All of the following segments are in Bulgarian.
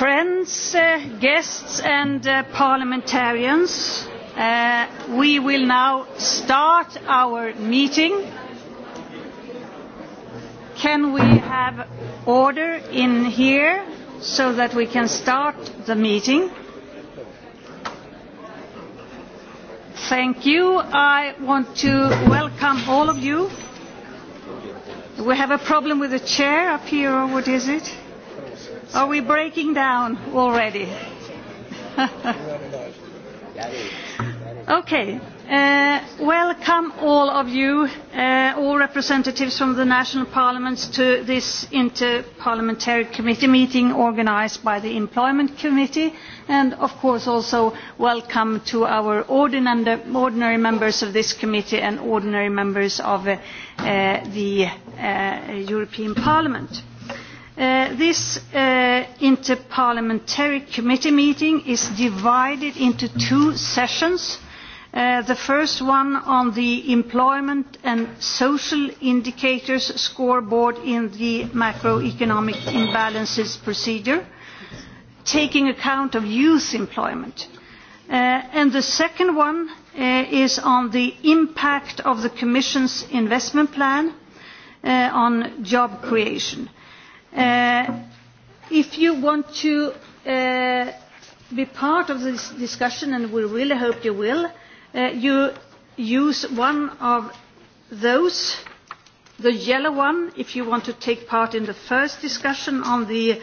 friends, guests and parliamentarians, we will now start our meeting. Can we have order in here so that we can start the meeting? Thank you. I want to welcome all of you. We have a problem with the chair up here, or what is it? Are we breaking down already? okay. Uh, welcome all of you, uh, all representatives from the national parliaments to this inter parliamentary committee meeting organised by the employment committee and of course also welcome to our ordinary members of this committee and ordinary members of the European Parliament this interparliamentary committee meeting is divided into two sessions. the first one on the employment and social indicators scoreboard in the macroeconomic imbalances procedure, taking account of youth employment. and the second one is on the impact of the Commission's investment plan on job creation if you want to uh, be part of this discussion, and we really hope you will, uh, you use one of those, the yellow one, if you want to take part in the first discussion on the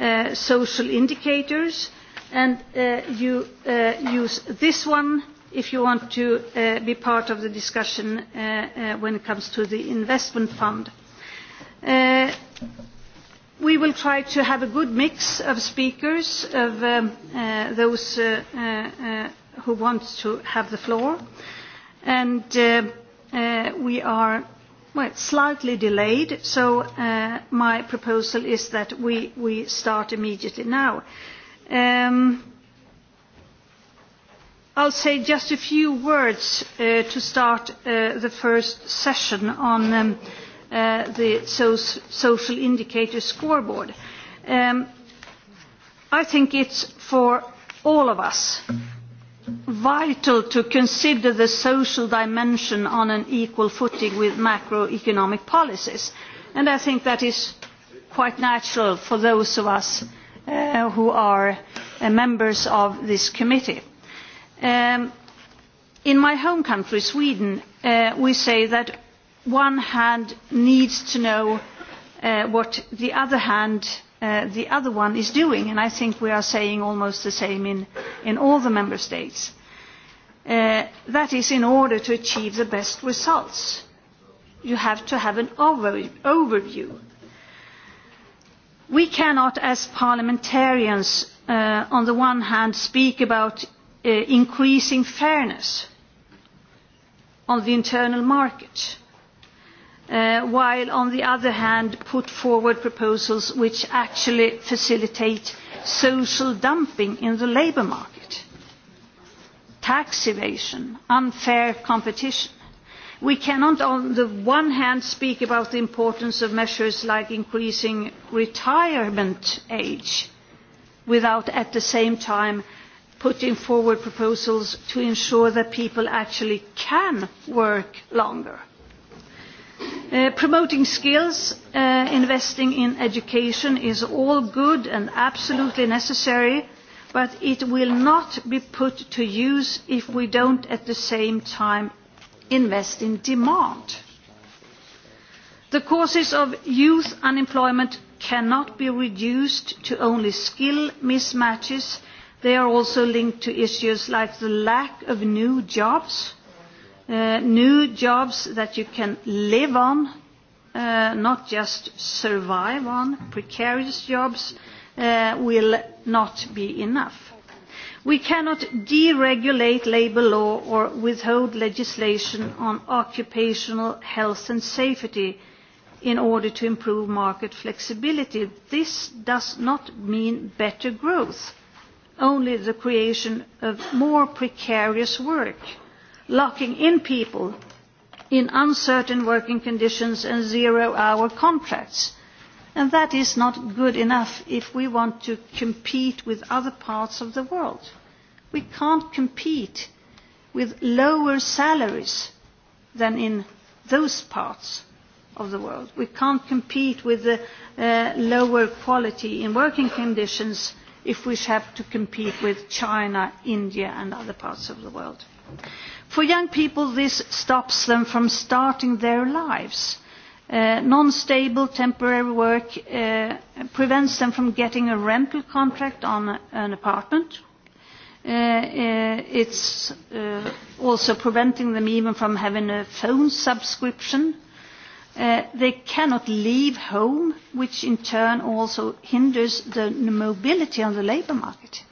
uh, social indicators, and uh, you uh, use this one if you want to uh, be part of the discussion uh, uh, when it comes to the investment fund. Uh, We will try to have a good mix of speakers, of those who want to have the floor. And we are well, slightly delayed, so my proposal is that we, we start immediately now. Um, I'll say just a few words to start the first session on the social indicator scoreboard. I think it is for all of us vital to consider the social dimension on an equal footing with macroeconomic policies. And I think that is quite natural for those of us who are members of this committee. in my home country, Sweden, we say that one hand needs to know what the other hand the other one is doing and i think we are saying almost the same in all the member states that is in order to achieve the best results you have to have an overview. we cannot as parliamentarians on the one hand speak about increasing fairness on the internal market while on the other hand put forward proposals which actually facilitate social dumping in the labour market tax evasion unfair competition. we cannot on the one hand speak about the importance of measures like increasing retirement age without at the same time putting forward proposals to ensure that people actually can work longer promoting skills, investing in education is all good and absolutely necessary, but it will not be put to use if we don't at the same time invest in demand. The causes of youth unemployment cannot be reduced to only skill mismatches. They are also linked to issues like the lack of new jobs, uh, new jobs that you can live on, uh, not just survive on, precarious jobs uh, will not be enough. We cannot deregulate labour law or withhold legislation on occupational health and safety in order to improve market flexibility. This does not mean better growth, only the creation of more precarious work locking in people in uncertain working conditions and zero-hour contracts. And that is not good enough if we want to compete with other parts of the world. We can't compete with lower salaries than in those parts of the world. We can't compete with the uh, lower quality in working conditions if we have to compete with China, India and other parts of the world. For young people, this stops them from starting their lives. Uh, non-stable temporary work uh, prevents them from getting a rental contract on a, an apartment. Uh, uh, it's uh, also preventing them even from having a phone subscription. Uh, they cannot leave home, which in turn also hinders the mobility on the labour market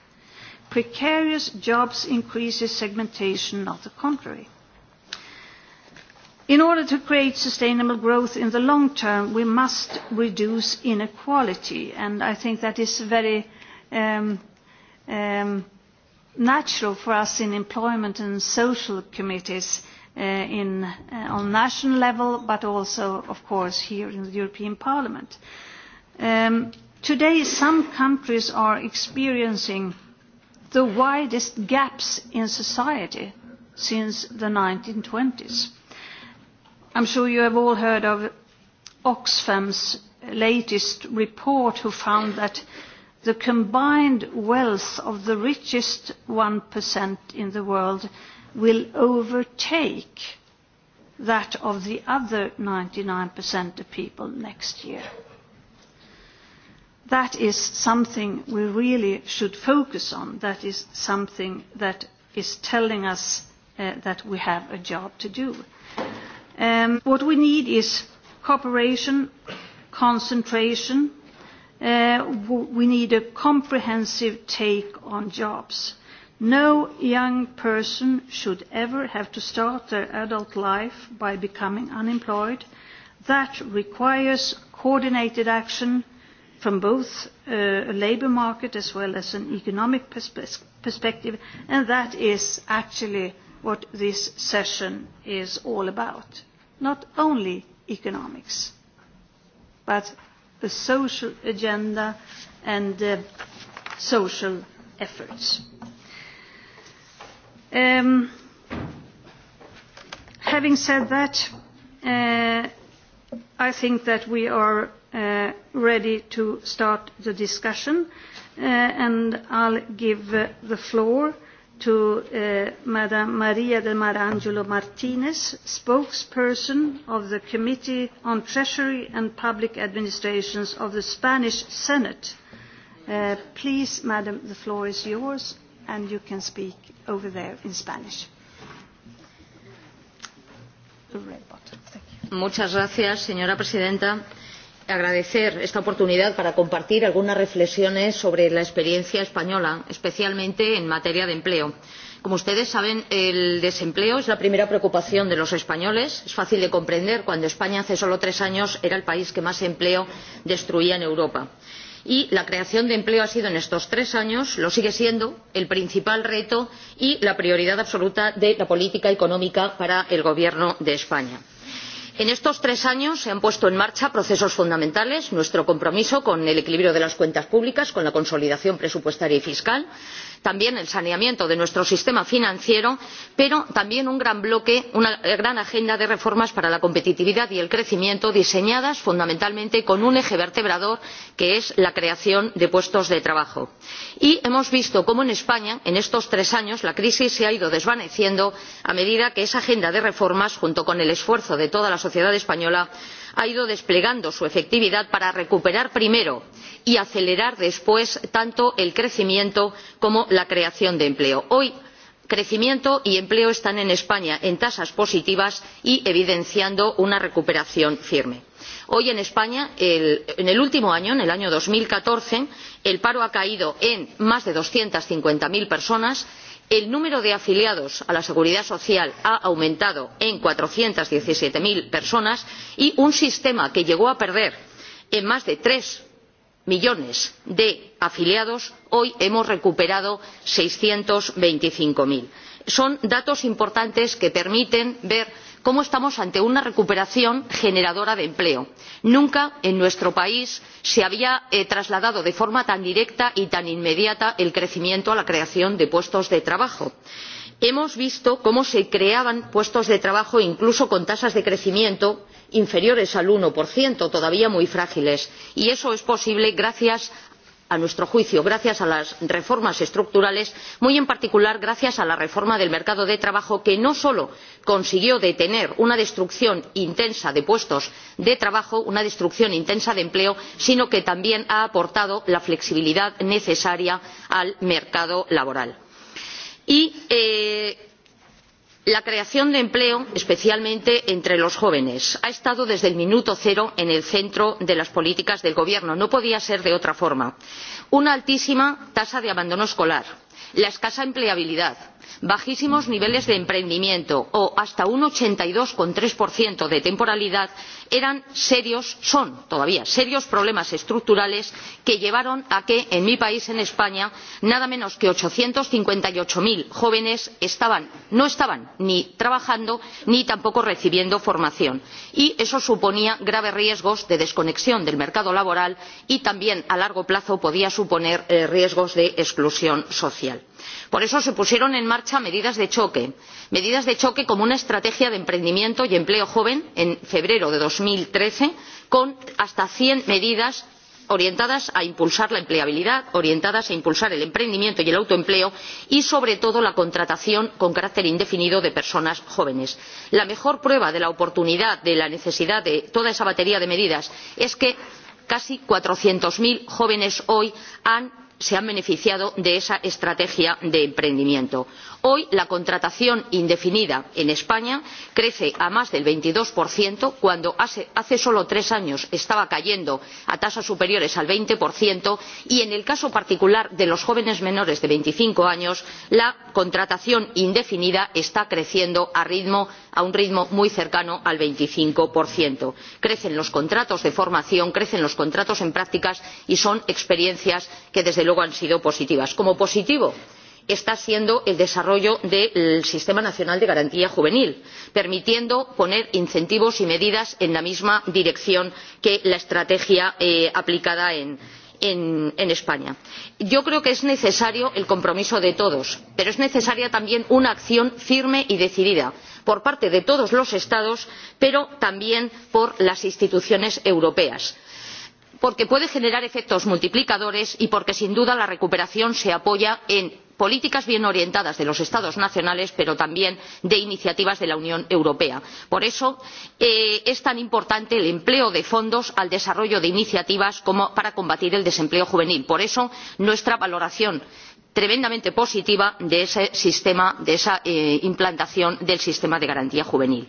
Precarious jobs increases segmentation, not the contrary. In order to create sustainable growth in the long term, we must reduce inequality, and I think that is very natural for us in employment and social committees on national level, but also, of course, here in the European Parliament. Today, some countries are experiencing the widest gaps in society since the 1920s. I'm sure you have all heard of Oxfam's latest report who found that the combined wealth of the richest 1% in the world will overtake that of the other 99% of people next year that is something we really should focus on. That is something that is telling us that we have a job to do. What we need is cooperation, concentration. We need a comprehensive take on jobs. No young person should ever have to start their adult life by becoming unemployed. That requires coordinated action, from both a labour market as well as an economic perspective, and that is actually what this session is all about. Not only economics, but the social agenda and social efforts. Having said that, I think that we are ready to start the discussion, and I'll give the floor to Madam Maria del Mar Angelo Martinez, spokesperson of the Committee on Treasury and Public Administrations of the Spanish Senate. Please, madam, the floor is yours, and you can speak over there in Spanish. Muchas gracias, señora presidenta agradecer esta oportunidad para compartir algunas reflexiones sobre la experiencia española especialmente en materia de empleo. como ustedes saben el desempleo es la primera preocupación de los españoles. es fácil de comprender cuando españa hace solo tres años era el país que más empleo destruía en europa y la creación de empleo ha sido en estos tres años lo sigue siendo el principal reto y la prioridad absoluta de la política económica para el gobierno de españa en estos tres años se han puesto en marcha procesos fundamentales nuestro compromiso con el equilibrio de las cuentas públicas con la consolidación presupuestaria y fiscal y también el saneamiento de nuestro sistema financiero pero también un gran bloque una gran agenda de reformas para la competitividad y el crecimiento diseñadas fundamentalmente con un eje vertebrador que es la creación de puestos de trabajo. y hemos visto cómo en españa en estos tres años la crisis se ha ido desvaneciendo a medida que esa agenda de reformas junto con el esfuerzo de toda la sociedad española ha ido desplegando su efectividad para recuperar primero primero y acelerar después tanto el crecimiento como la creación de empleo. hoy crecimiento y empleo están en españa en tasas positivas y evidenciando una recuperación firme. hoy en españa en el último año en el año dos mil catorce el paro ha caído en más de doscientos cincuenta cero personas el número de afiliados a la seguridad social ha aumentado en cuatrocientos diecisiete cero personas y un sistema que llegó a perder en más de tres millones de afiliados hoy hemos recuperado seiscientos veinticinco cero son datos importantes que permiten ver cómo estamos ante una recuperación generadora de empleo. nunca en nuestro país se había trasladado de forma tan directa y tan inmediata el crecimiento a la creación de puestos de trabajo. hemos visto cómo se creaban puestos de trabajo incluso con tasas de crecimiento inferiores al uno todavía muy frágiles y eso es posible gracias a nuestro juicio gracias a las reformas estructurales muy en particular gracias a la reforma del mercado de trabajo que no solo consiguió detener una destrucción intensa de puestos de trabajo una destrucción intensa de empleo sino que también ha aportado la flexibilidad necesaria al mercado laboral. y la creación de empleo especialmente entre los jóvenes ha estado desde el minuto cero en el centro de las políticas del gobierno no podía ser de otra forma una altísima tasa de abandono escolar la escasa empleabilidad bajísimos niveles de emprendimiento o hasta un ochenta y dos tres de temporalidad eran serios son todavía serios problemas estructurales que llevaron a que en mi país en españa nada menos que ochocientos cincuenta y ocho cero jóvenes no estaban ni trabajando ni tampoco recibiendo formación y eso suponía graves riesgos de desconexión del mercado laboral y también a largo plazo podía suponer riesgos de exclusión social por eso se pusieron en marcha medidas de choque medidas de choque como una estrategia de emprendimiento y empleo joven en febrero de dos mil trece con hasta cien medidas orientadas a impulsar la empleabilidad orientadas a impulsar el emprendimiento y el autoempleo y sobre todo la contratación con carácter indefinido de personas jóvenes. la mejor prueba de la oportunidad de la necesidad de toda esa batería de medidas es que casi cuatrocientos cero jóvenes hoy han se han beneficiado de esa estrategia de emprendimiento hoy la contratación indefinida en españa crece a más del veintidós cuando hace solo tres años estaba cayendo a tasas superiores al veinte y en el caso particular de los jóvenes menores de veinticinco años la contratación indefinida está creciendo a un ritmo muy cercano al veinticinco crecen los contratos de formación crecen los contratos en prácticas y son experiencias que desde luego han sido positivas como positivo también está siendo el desarrollo del sistema nacional de garantía juvenil permitiendo poner incentivos y medidas en la misma dirección que la estrategia aplicada en españa. yo creo que es necesario el compromiso de todos pero es necesaria también una acción firme y decidida por parte de todos los estados pero también por las instituciones europeas porque puede generar efectos multiplicadores y porque sin duda la recuperación se apoya en políticas bien orientadas de los estados nacionales pero también de iniciativas de la unión europea. por eso es tan importante el empleo de fondos al desarrollo de iniciativas para combatir el desempleo juvenil. por eso nuestra valoración de tremendamente positiva de ese sistema de esa implantación del sistema de garantía juvenil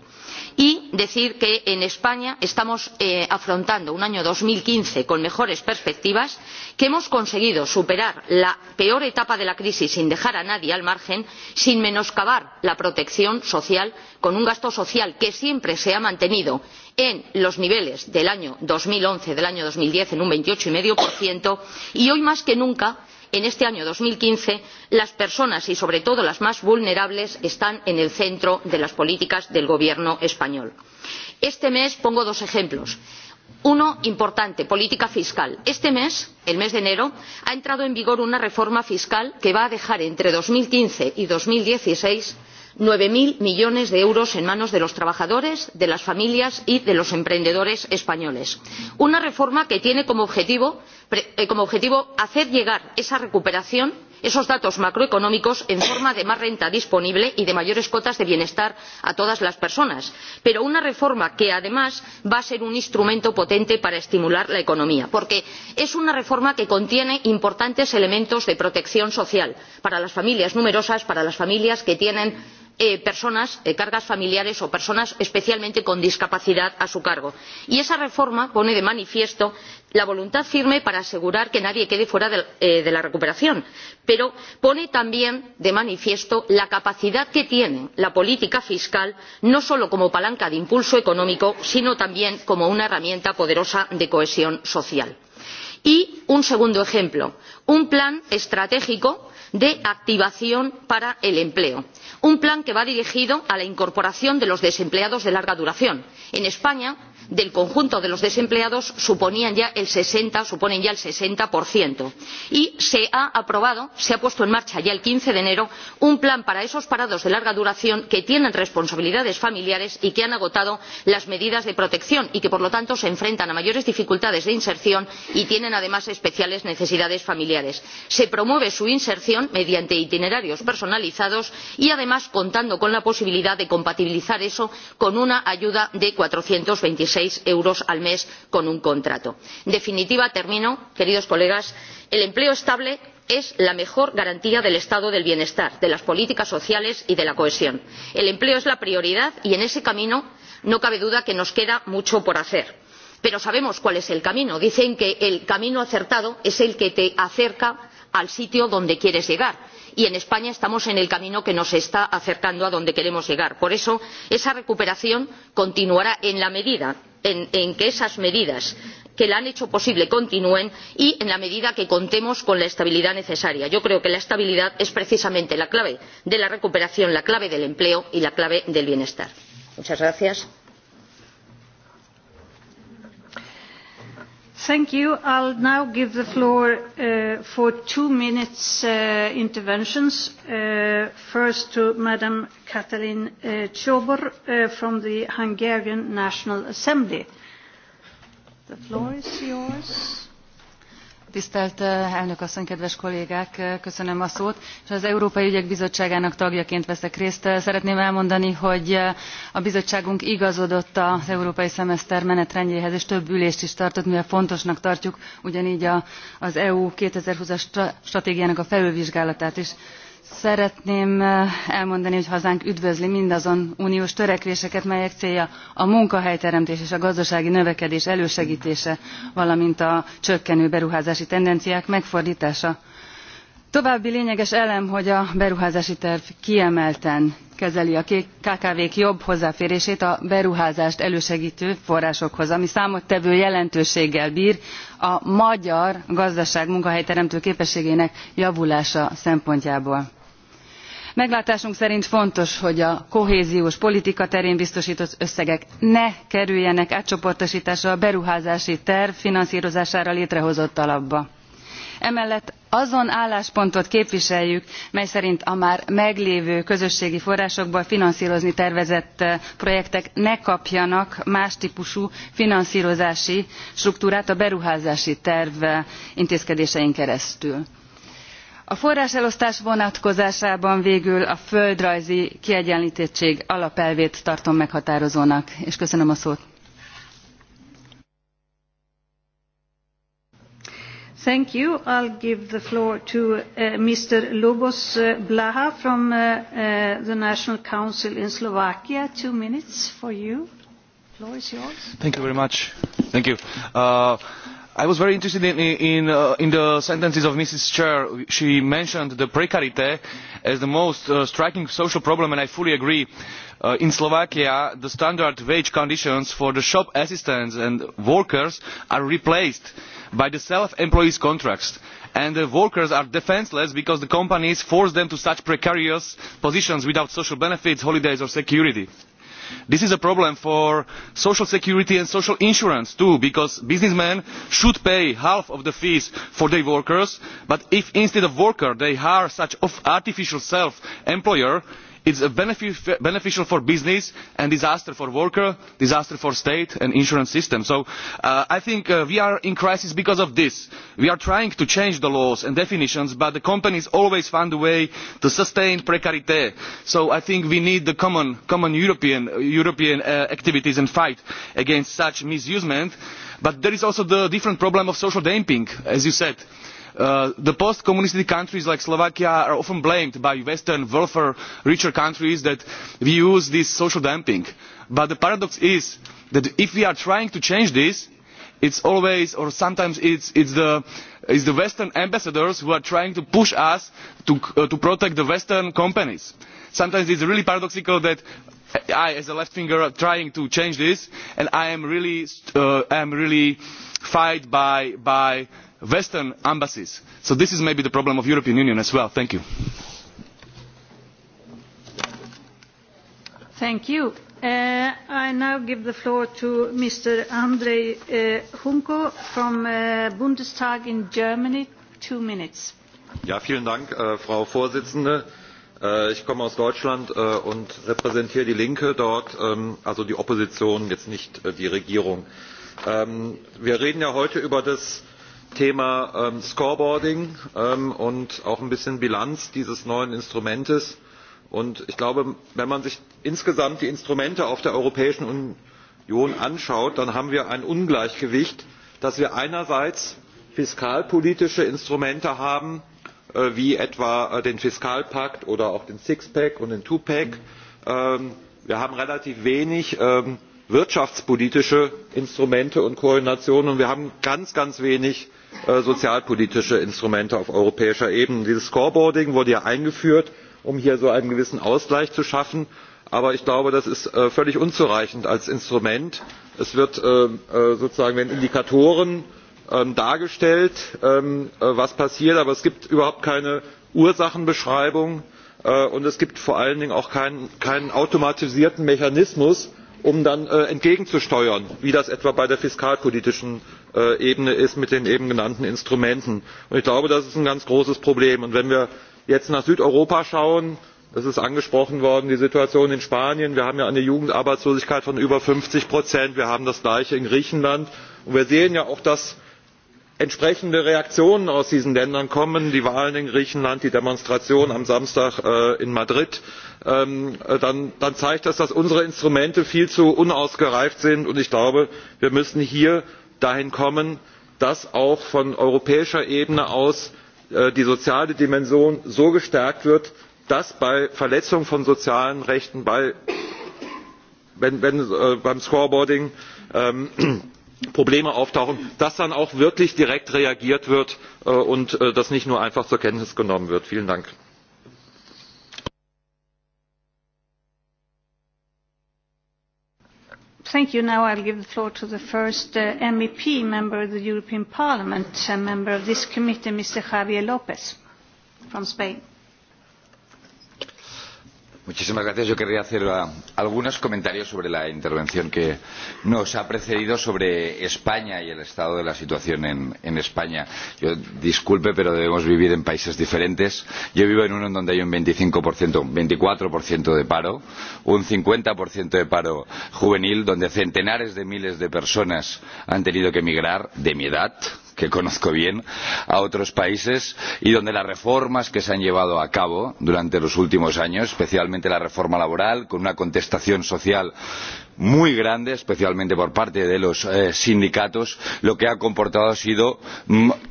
y decir que en españa estamos afrontando un año dos mil quince con mejores perspectivas que hemos conseguido superar la peor etapa de la crisis sin dejar a nadie al margen sin menoscabar la protección social con un gasto social que siempre se ha mantenido en los niveles del año dos mil once del año dos mil diez en un veintiocho cinco y hoy más que nunca en este año dos mil quince las personas y sobre todo las más vulnerables están en el centro de las políticas del gobierno español. este mes pongo dos ejemplos uno importante política fiscal este mes el mes de enero ha entrado en vigor una reforma fiscal que va a dejar entre dos mil quince y dos mil dieciseis nueve cero millones de euros en manos de los trabajadores de las familias y de los emprendedores españoles. una reforma que tiene como objetivo hacer llegar esa recuperación esos datos macroeconómicos en forma de más renta disponible y de mayores cotas de bienestar a todas las personas pero una reforma que además va a ser un instrumento potente para estimular la economía porque es una reforma que contiene importantes elementos de protección social para las familias numerosas para las familias que tienen personas cargas familiares o personas especialmente con discapacidad a su cargo y esa reforma pone de manifiesto la voluntad firme para asegurar que nadie quede fuera de la recuperación pero pone también de manifiesto la capacidad que tiene la política fiscal no solo como palanca de impulso económico sino también como una herramienta poderosa de cohesión social. y un segundo ejemplo un plan estratégico de activación para el empleo un plan que va dirigido a la incorporación de los desempleados de larga duración en españa del conjunto de los desempleados suponían ya el sesenta suponen ya el sesenta y se ha aprobado se ha puesto en marcha ya el quince de enero un plan para esos parados de larga duración que tienen responsabilidades familiares y que han agotado las medidas de protección y que por lo tanto se enfrentan a mayores dificultades de inserción y tienen además especiales necesidades familiares. se promueve su inserción mediante itinerarios personalizados y además contando con la posibilidad de compatibilizar eso con una ayuda de cuatrocientos veintiséis seis euros al mes con un contrato. en definitiva termino queridos colegas el empleo estable es la mejor garantía del estado del bienestar de las políticas sociales y de la cohesión. el empleo es la prioridad y en ese camino no cabe duda de que nos queda mucho por hacer pero sabemos cuál es el camino. dicen que el camino acertado es el que te acerca al sitio donde quieres llegar y en españa estamos en el camino que nos está acercando a donde queremos llegar. por eso esa recuperación continuará en la medida en que esas medidas que la han hecho posible continúen y en la medida en que contemos con la estabilidad necesaria. yo creo que la estabilidad es precisamente la clave de la recuperación la clave del empleo y la clave del bienestar. muchas gracias. Thank you. I'll now give the floor for two minutes interventions. first to Madam Katalin uh, from the Hungarian National Assembly. The floor is yours. Tisztelt elnök asszony, kedves kollégák, köszönöm a szót, és az Európai Ügyek Bizottságának tagjaként veszek részt. Szeretném elmondani, hogy a bizottságunk igazodott az európai szemeszter menetrendjéhez, és több ülést is tartott, mivel fontosnak tartjuk ugyanígy az EU 2020-as stratégiának a felülvizsgálatát is. Szeretném elmondani, hogy hazánk üdvözli mindazon uniós törekvéseket, melyek célja a munkahelyteremtés és a gazdasági növekedés elősegítése, valamint a csökkenő beruházási tendenciák megfordítása. További lényeges elem, hogy a beruházási terv kiemelten kezeli a KKV-k jobb hozzáférését a beruházást elősegítő forrásokhoz, ami számottevő jelentőséggel bír a magyar gazdaság munkahelyteremtő képességének javulása szempontjából meglátásunk szerint fontos hogy a kohéziós politika terén biztostott összegek ne kerüljenek átcsoportostásra a beruházási terv finanszrozására létrehozott alapba. emellett azon álláspontot képviseljük mely szerint a már meglévő közösségi forrásokból finanszrozni tervezett projektek ne kapjanak más tpusú finanszrozási struktúrát a beruházási terv intézkedésein keresztül a forráselosztás vonatkozásában végül a földrajzi kiegyenltettség alapelvét tartom meghatározónak és köszönöm a szót. Thank you. I'll give the floor to uh, Mr. Lubos Blaha from uh, uh, the National Council in Slovakia. Two minutes for you. The floor is yours. Thank you very much. Thank you. Uh, i was very interested in in the sentences of mrs chair. she mentioned the precarité as the most striking social problem and i fully agree. in slovakia the standard wage conditions for shop assistants and workers are replaced by self employees' contracts and the workers are defenceless because the companies force them to such precarious positions without social benefits holidays or security this is a problem for social security and social insurance too because businessmen should pay half of the fees for their workers but if instead of workers they hire such an artificial self employer it is beneficial for business and a disaster for workers a disaster for the state and the insurance system. so i think we are in crisis because of this. we are trying to change the laws and definitions but the companies always find a way to sustain precarity. so i think we need common european activities and fight against such misuse but there is also the different problem of social dumping as you said the post communist countries like slovakia are often blamed by western welfare richer countries that we use this social dumping but the paradox is that if we are trying to change this it is always or sometimes it is the western ambassadors who are trying to push us to protect the western companies. sometimes it is really paradoxical that i as a left winger am trying to change this and i am really fighting by Western embassies. So this is maybe the problem of the European Union as well. Thank you. I now give the floor to Mr. andrej Hunko from the Bundestag in Germany. for Two minutes. Frau präsidentin! Ich komme aus Deutschland und repräsentiere die Linke dort, also die Opposition, jetzt nicht die Regierung. Wir reden ja heute über das thema scoreboarding und auch ein bisschen bilanz dieses neuen instruments und ich glaube wenn man sich insgesamt die instrumente auf der europäischen union anschaut dann haben wir ein ungleichgewicht dass wir einerseits fiskalpolitische instrumente haben wie etwa den fiskalpakt oder auch den sixpack und den twopack wir haben relativ wenig wirtschaftspolitische instrumente und koordination und wir haben ganz ganz wenig sozialpolitische instrumente auf europäischer ebene. dieses scoreboarding wurde ja eingeführt um hier so einen gewissen ausgleich zu schaffen aber ich glaube das ist völlig unzureichend als instrument. es werden indikatoren dargestellt was passiert aber es gibt überhaupt keine ursachenbeschreibung und es gibt vor allen dingen auch keinen automatisierten mechanismus um dann entgegenzusteuern wie das etwa bei der fiskalpolitischen ebene ist mit den eben genannten instrumenten. ich glaube das ist ein ganz großes problem. wenn wir jetzt nach südeuropa schauen das ist angesprochen worden die situation in spanien wir haben ja eine jugendarbeitslosigkeit von über fünfzig wir haben das gleiche in griechenland und wir sehen ja auch entsprechende reaktionen aus diesen ländern kommen die wahlen in griechenland die demonstration am samstag in madrid dann zeigt das dass unsere instrumente viel zu unausgereift sind und ich glaube wir müssen hier dahin kommen dass auch von europäischer ebene aus die soziale dimension so gestärkt wird dass bei verletzung von sozialen rechten beim scoreboarding probleme auftauchen dass dann auch wirklich direkt reagiert wird und das nicht nur einfach zur kenntnis genommen wird. vielen dank! Thank you. Now I'll give the floor to the first uh, MEP member of the European Parliament, a member of this committee, Mr. Javier Lopez from Spain. Muchísimas gracias. Yo querría hacer algunos comentarios sobre la intervención que nos ha precedido sobre España y el estado de la situación en, España. Yo disculpe, pero debemos vivir en países diferentes. Yo vivo en uno en donde hay un 25%, un 24% de paro, un 50% de paro juvenil, donde centenares de miles de personas han tenido que emigrar de mi edad, que conozco bien a otros países y donde las reformas que se han llevado a cabo durante los últimos años especialmente la reforma laboral con una contestación social muy grande especialmente por parte de los sindicatos lo que ha comportado ha sido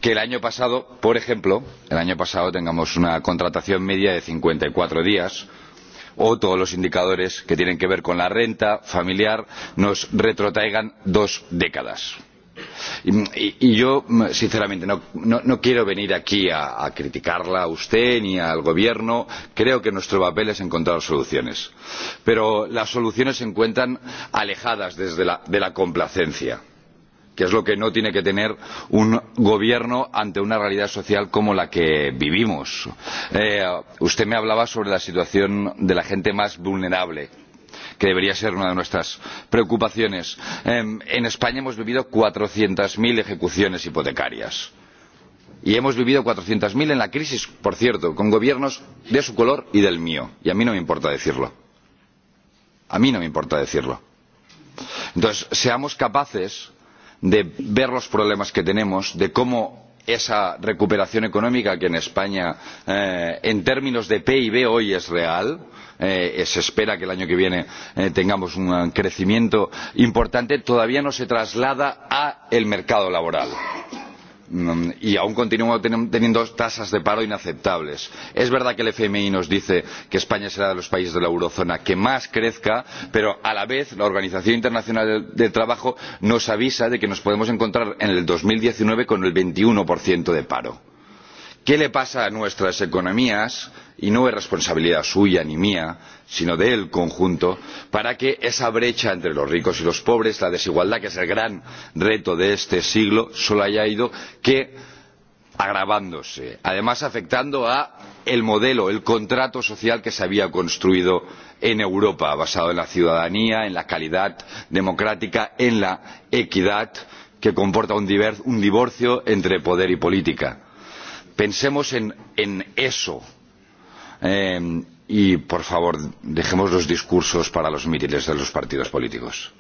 que el año pasado por ejemplo tengamos una contratación media de cincuenta y cuatro días o todos los indicadores que tienen que ver con la renta familiar nos retrotraigan dos décadas. Y, yo, sinceramente, no, quiero venir aquí a, criticarla a usted ni al Gobierno. Creo que nuestro papel es encontrar soluciones. Pero las soluciones se encuentran alejadas de la complacencia que es lo que no tiene que tener un gobierno ante una realidad social como la que vivimos. usted me hablaba sobre la situación de la gente más vulnerable que debería ser una de nuestras preocupaciones. en españa hemos vivido cuatrocientos cero ejecuciones hipotecarias y hemos vivido cuatrocientos cero en la crisis por cierto con gobiernos de su color y del mío y a mí no me importa decirlo. a mí no me importa decirlo. entonces seamos capaces de ver los problemas que tenemos de cómo esa recuperación económica que en españa en términos de pib hoy es real se espera que el año que viene tengamos un crecimiento importante todavía no se traslada al mercado laboral y aún continúa teniendo tasas de paro inaceptables. es verdad que el fmi nos dice que españa será de los países de la eurozona que más crezca pero a la vez la organización internacional del trabajo nos avisa de que nos podemos encontrar en dos mil diecinueve con el veintiuno de paro. qué le pasa a nuestras economías que y no es responsabilidad suya ni mía sino del conjunto para que esa brecha entre los ricos y los pobres la desigualdad que es el gran reto de este siglo solo haya ido agravándose además afectando al modelo el contrato social que se había construido en europa basado en la ciudadanía en la calidad democrática en la equidad que comporta un divorcio entre poder y política. pensemos en eso eh, y, por favor, dejemos los discursos para los mítines de los partidos políticos.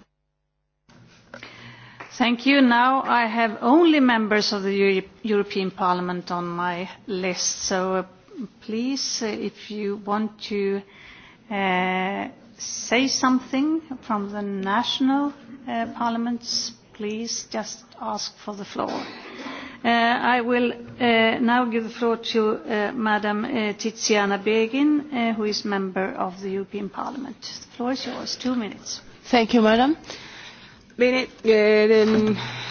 Thank you. Now I have only members of the European Parliament on my list, so uh, please, uh, if you want to uh, say something from the national uh, parliaments, please just ask for the floor. I will now give the floor to Madam Tiziana who is member of the European Parliament. The floor is yours. Two minutes. Madam.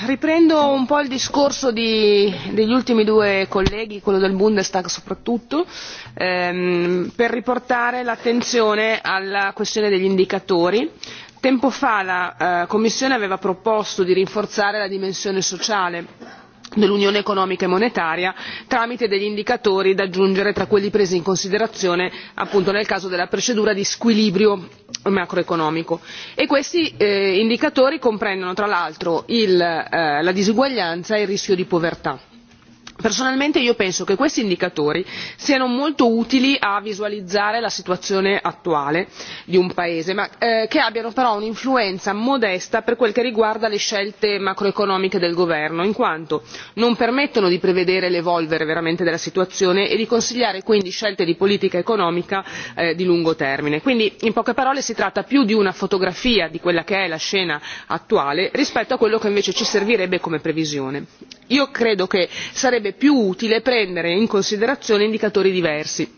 riprendo un po' il discorso degli ultimi due colleghi, quello del Bundestag soprattutto, per riportare l'attenzione alla questione degli indicatori tempo fa la commissione aveva proposto di rinforzare la dimensione sociale dell'unione economica e monetaria tramite degli indicatori da aggiungere tra quelli presi in considerazione appunto nel caso della procedura di squilibrio macroeconomico e questi indicatori comprendono tra l'altro la disuguaglianza e il rischio di povertà personalmente io penso che questi indicatori siano molto utili a visualizzare la situazione attuale di un paese ma che abbiano però un'influenza modesta per quel che riguarda le scelte macroeconomiche del governo in quanto non permettono di prevedere l'evolvere veramente della situazione e di consigliare quindi scelte di politica economica di lungo termine. quindi in poche parole si tratta più di una fotografia di quella che è la scena attuale rispetto a quello che invece ci servirebbe come previsione io credo che sarebbe più utile prendere in considerazione indicatori diversi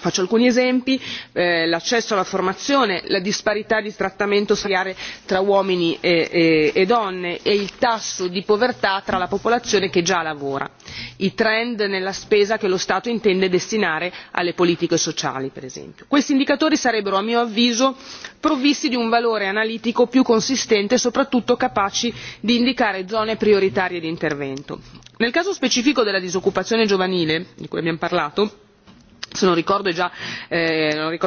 faccio alcuni esempi l'accesso alla formazione la disparità di trattamento salariale tra uomini e donne e il tasso di povertà tra la popolazione che già lavora i trend nella spesa che lo stato intende destinare alle politiche sociali per esempio. questi indicatori sarebbero a mio avviso provvisti di un valore analitico più consistente e soprattutto capaci di indicare zone prioritarie di intervento. nel caso specifico della disoccupazione giovanile di cui abbiamo parlato se non ricordo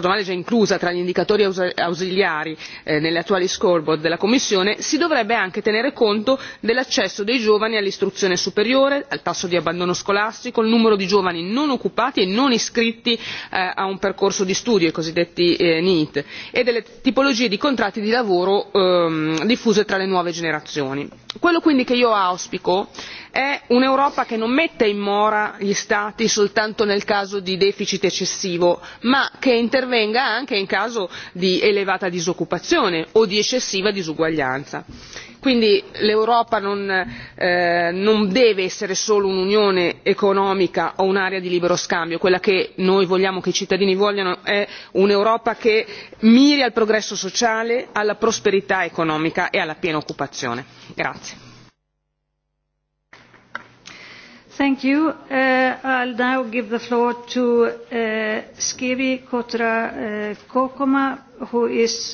male già inclusa tra gli indicatori ausiliari nelle attuali scoreboard della commissione si dovrebbe anche tenere conto dell'accesso dei giovani all'istruzione superiore al tasso di abbandono scolastico al numero di giovani non occupati e non iscritti a un percorso di studio i cosiddetti neet e delle tipologie di contratti di lavoro diffuse tra le nuove generazioni. quello quindi che io auspico è un'europa che non mette in mora gli stati soltanto nel caso di deficit eccessivo ma che intervenga anche in caso di elevata disoccupazione o di eccessiva disuguaglianza. quindi l'europa non deve essere solo un'unione economica o un'area di libero scambio quella che noi vogliamo che i cittadini vogliano è un'europa che miri al progresso sociale alla prosperità economica e alla piena occupazione. Thank you. I'll now give the floor to uh, Kotra Kokoma, who is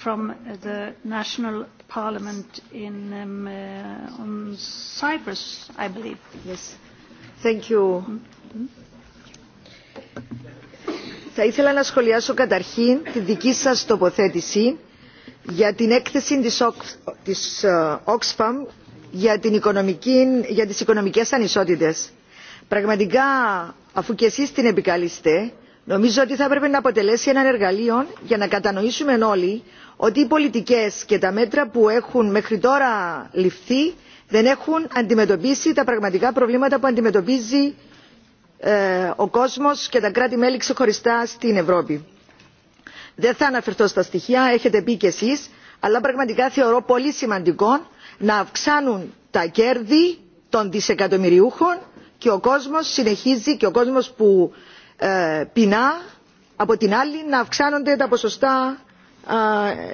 from the National Parliament in on Cyprus, I believe. Yes. Thank you. Mm-hmm. Θα ήθελα να σχολιάσω καταρχήν τη δική σας τοποθέτηση για την έκθεση της Oxfam για, την οικονομική, για τις οικονομικές ανισότητες. Πραγματικά, αφού και εσείς την επικαλείστε, νομίζω ότι θα έπρεπε να αποτελέσει ένα εργαλείο για να κατανοήσουμε όλοι ότι οι πολιτικές και τα μέτρα που έχουν μέχρι τώρα ληφθεί δεν έχουν αντιμετωπίσει τα πραγματικά προβλήματα που αντιμετωπίζει ε, ο κόσμος και τα κράτη-μέλη ξεχωριστά στην Ευρώπη. Δεν θα αναφερθώ στα στοιχεία, έχετε πει κι εσείς, αλλά πραγματικά θεωρώ πολύ σημαντικό να αυξάνουν τα κέρδη των δισεκατομμυριούχων και ο κόσμος συνεχίζει και ο κόσμος που πεινά από την άλλη να αυξάνονται τα ποσοστά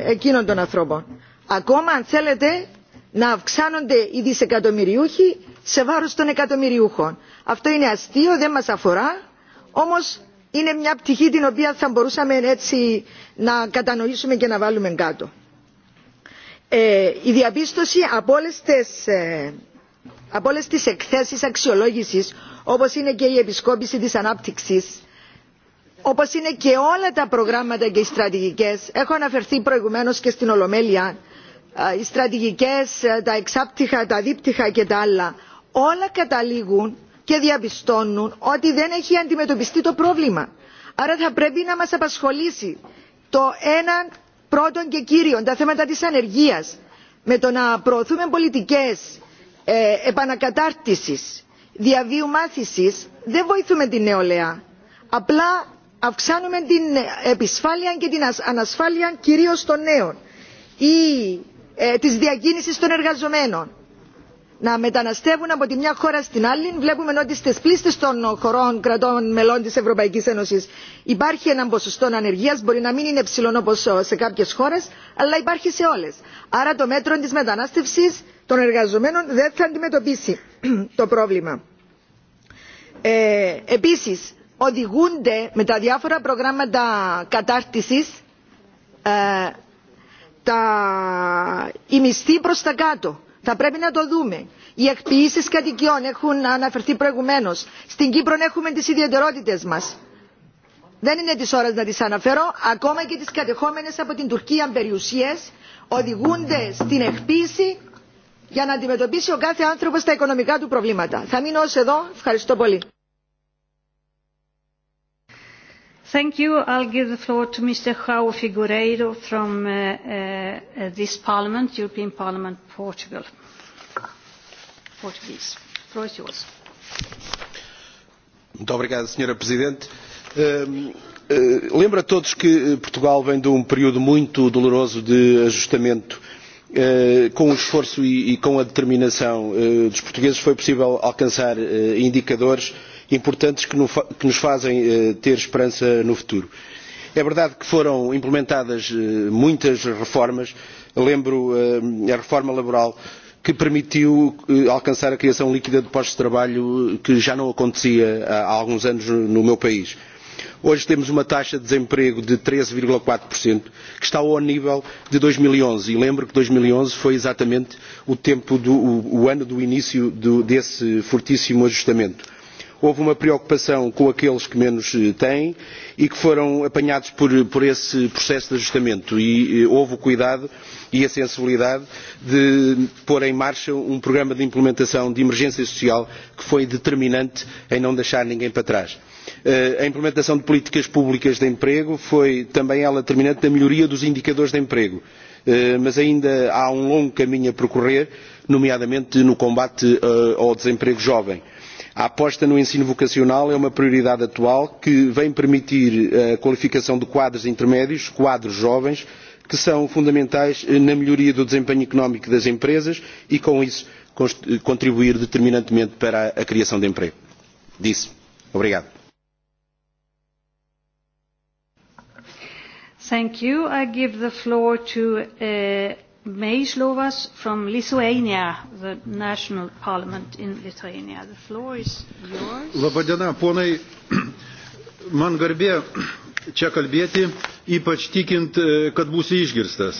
εκείνων των ανθρώπων. Ακόμα αν θέλετε να αυξάνονται οι δισεκατομμυριούχοι σε βάρος των εκατομμυριούχων. Αυτό είναι αστείο, δεν μας αφορά, όμως είναι μια πτυχή την οποία θα μπορούσαμε έτσι να κατανοήσουμε και να βάλουμε κάτω η διαπίστωση από όλες τις εκθέσεις αξιολόγησης όπως είναι και η επισκόπηση της ανάπτυξης όπως είναι και όλα τα προγράμματα και οι στρατηγικές έχω αναφερθεί προηγουμένως και στην ολομέλεια οι στρατηγικές τα εξάπτυχα τα δίπτυχα και τα άλλα όλα καταλήγουν και διαπιστώνουν ότι δεν έχει αντιμετωπιστεί το πρόβλημα. άρα θα πρέπει να μας απασχολήσει το έναν πρώτον και κύριον τα θέματα της ανεργίας με το να προωθούμε πολιτικές επανακατάρτισης διαβίου μάθησης δεν βοηθούμε την νεολαία απλά αυξάνουμε την επισφάλεια και την ανασφάλεια κυρίως των νέων ή της διακίνησης των εργαζομένων να μεταναστεύουν από τη μια χώρα στην άλλη βλέπουμε ότι στι πλήστε των χωρών κρατών μελών τη Ευρωπαϊκή Ένωση υπάρχει ένα ποσοστό ανεργία, μπορεί να μην είναι ψηλό όπω σε κάποιε χώρε, αλλά υπάρχει σε όλε. Άρα το μέτρο τη μετανάστευση των εργαζομένων δεν θα αντιμετωπίσει το πρόβλημα. Ε, Επίση, οδηγούνται με τα διάφορα προγράμματα κατάρτιση ε, τα... οι μισθοί προ τα κάτω θα πρέπει να το δούμε. Οι εκποιήσει κατοικιών έχουν αναφερθεί προηγουμένω. Στην Κύπρο έχουμε τι ιδιαιτερότητε μα. Δεν είναι τη ώρα να τι αναφέρω. Ακόμα και τι κατεχόμενε από την Τουρκία περιουσίε οδηγούνται στην εκποίηση για να αντιμετωπίσει ο κάθε άνθρωπο τα οικονομικά του προβλήματα. Θα μείνω ω εδώ. Ευχαριστώ πολύ. Thank you. I'll give the floor to Mr. João Figueiredo from uh, uh, this Parliament, European Parliament, Portugal. Portuguese. The floor is yours. Muito obrigado, Sra. Presidente. Lembro a todos que Portugal vem de um período muito doloroso de ajustamento. Com o esforço e com a determinação dos portugueses foi possível alcançar indicadores uh, importantes que nos fazem ter esperança no futuro. É verdade que foram implementadas muitas reformas. Lembro a reforma laboral que permitiu alcançar a criação líquida de postos de trabalho que já não acontecia há alguns anos no meu país. Hoje temos uma taxa de desemprego de 13,4%, que está ao nível de 2011. E lembro que 2011 foi exatamente o, tempo do, o, ano do início desse fortíssimo ajustamento houve uma preocupação com aqueles que menos têm e que foram apanhados por, esse processo de ajustamento e houve o cuidado e a sensibilidade de pôr em marcha um programa de implementação de emergência social que foi determinante em não deixar ninguém para trás. A implementação de políticas públicas de emprego foi também ela determinante na melhoria dos indicadores de emprego mas ainda há um longo caminho a percorrer nomeadamente no combate ao desemprego jovem. A aposta no ensino vocacional é uma prioridade atual que vem permitir a qualificação de quadros intermédios, quadros jovens, que são fundamentais na melhoria do desempenho económico das empresas e, com isso, contribuir determinantemente para a criação de emprego. Disse. Obrigado. Thank you. I give the floor to uh, Meislovas from Lithuania, the national parliament in Lithuania. The floor is yours. Labadiena, ponai. Man garbė čia kalbėti, ypač tikint, kad būsiu išgirstas.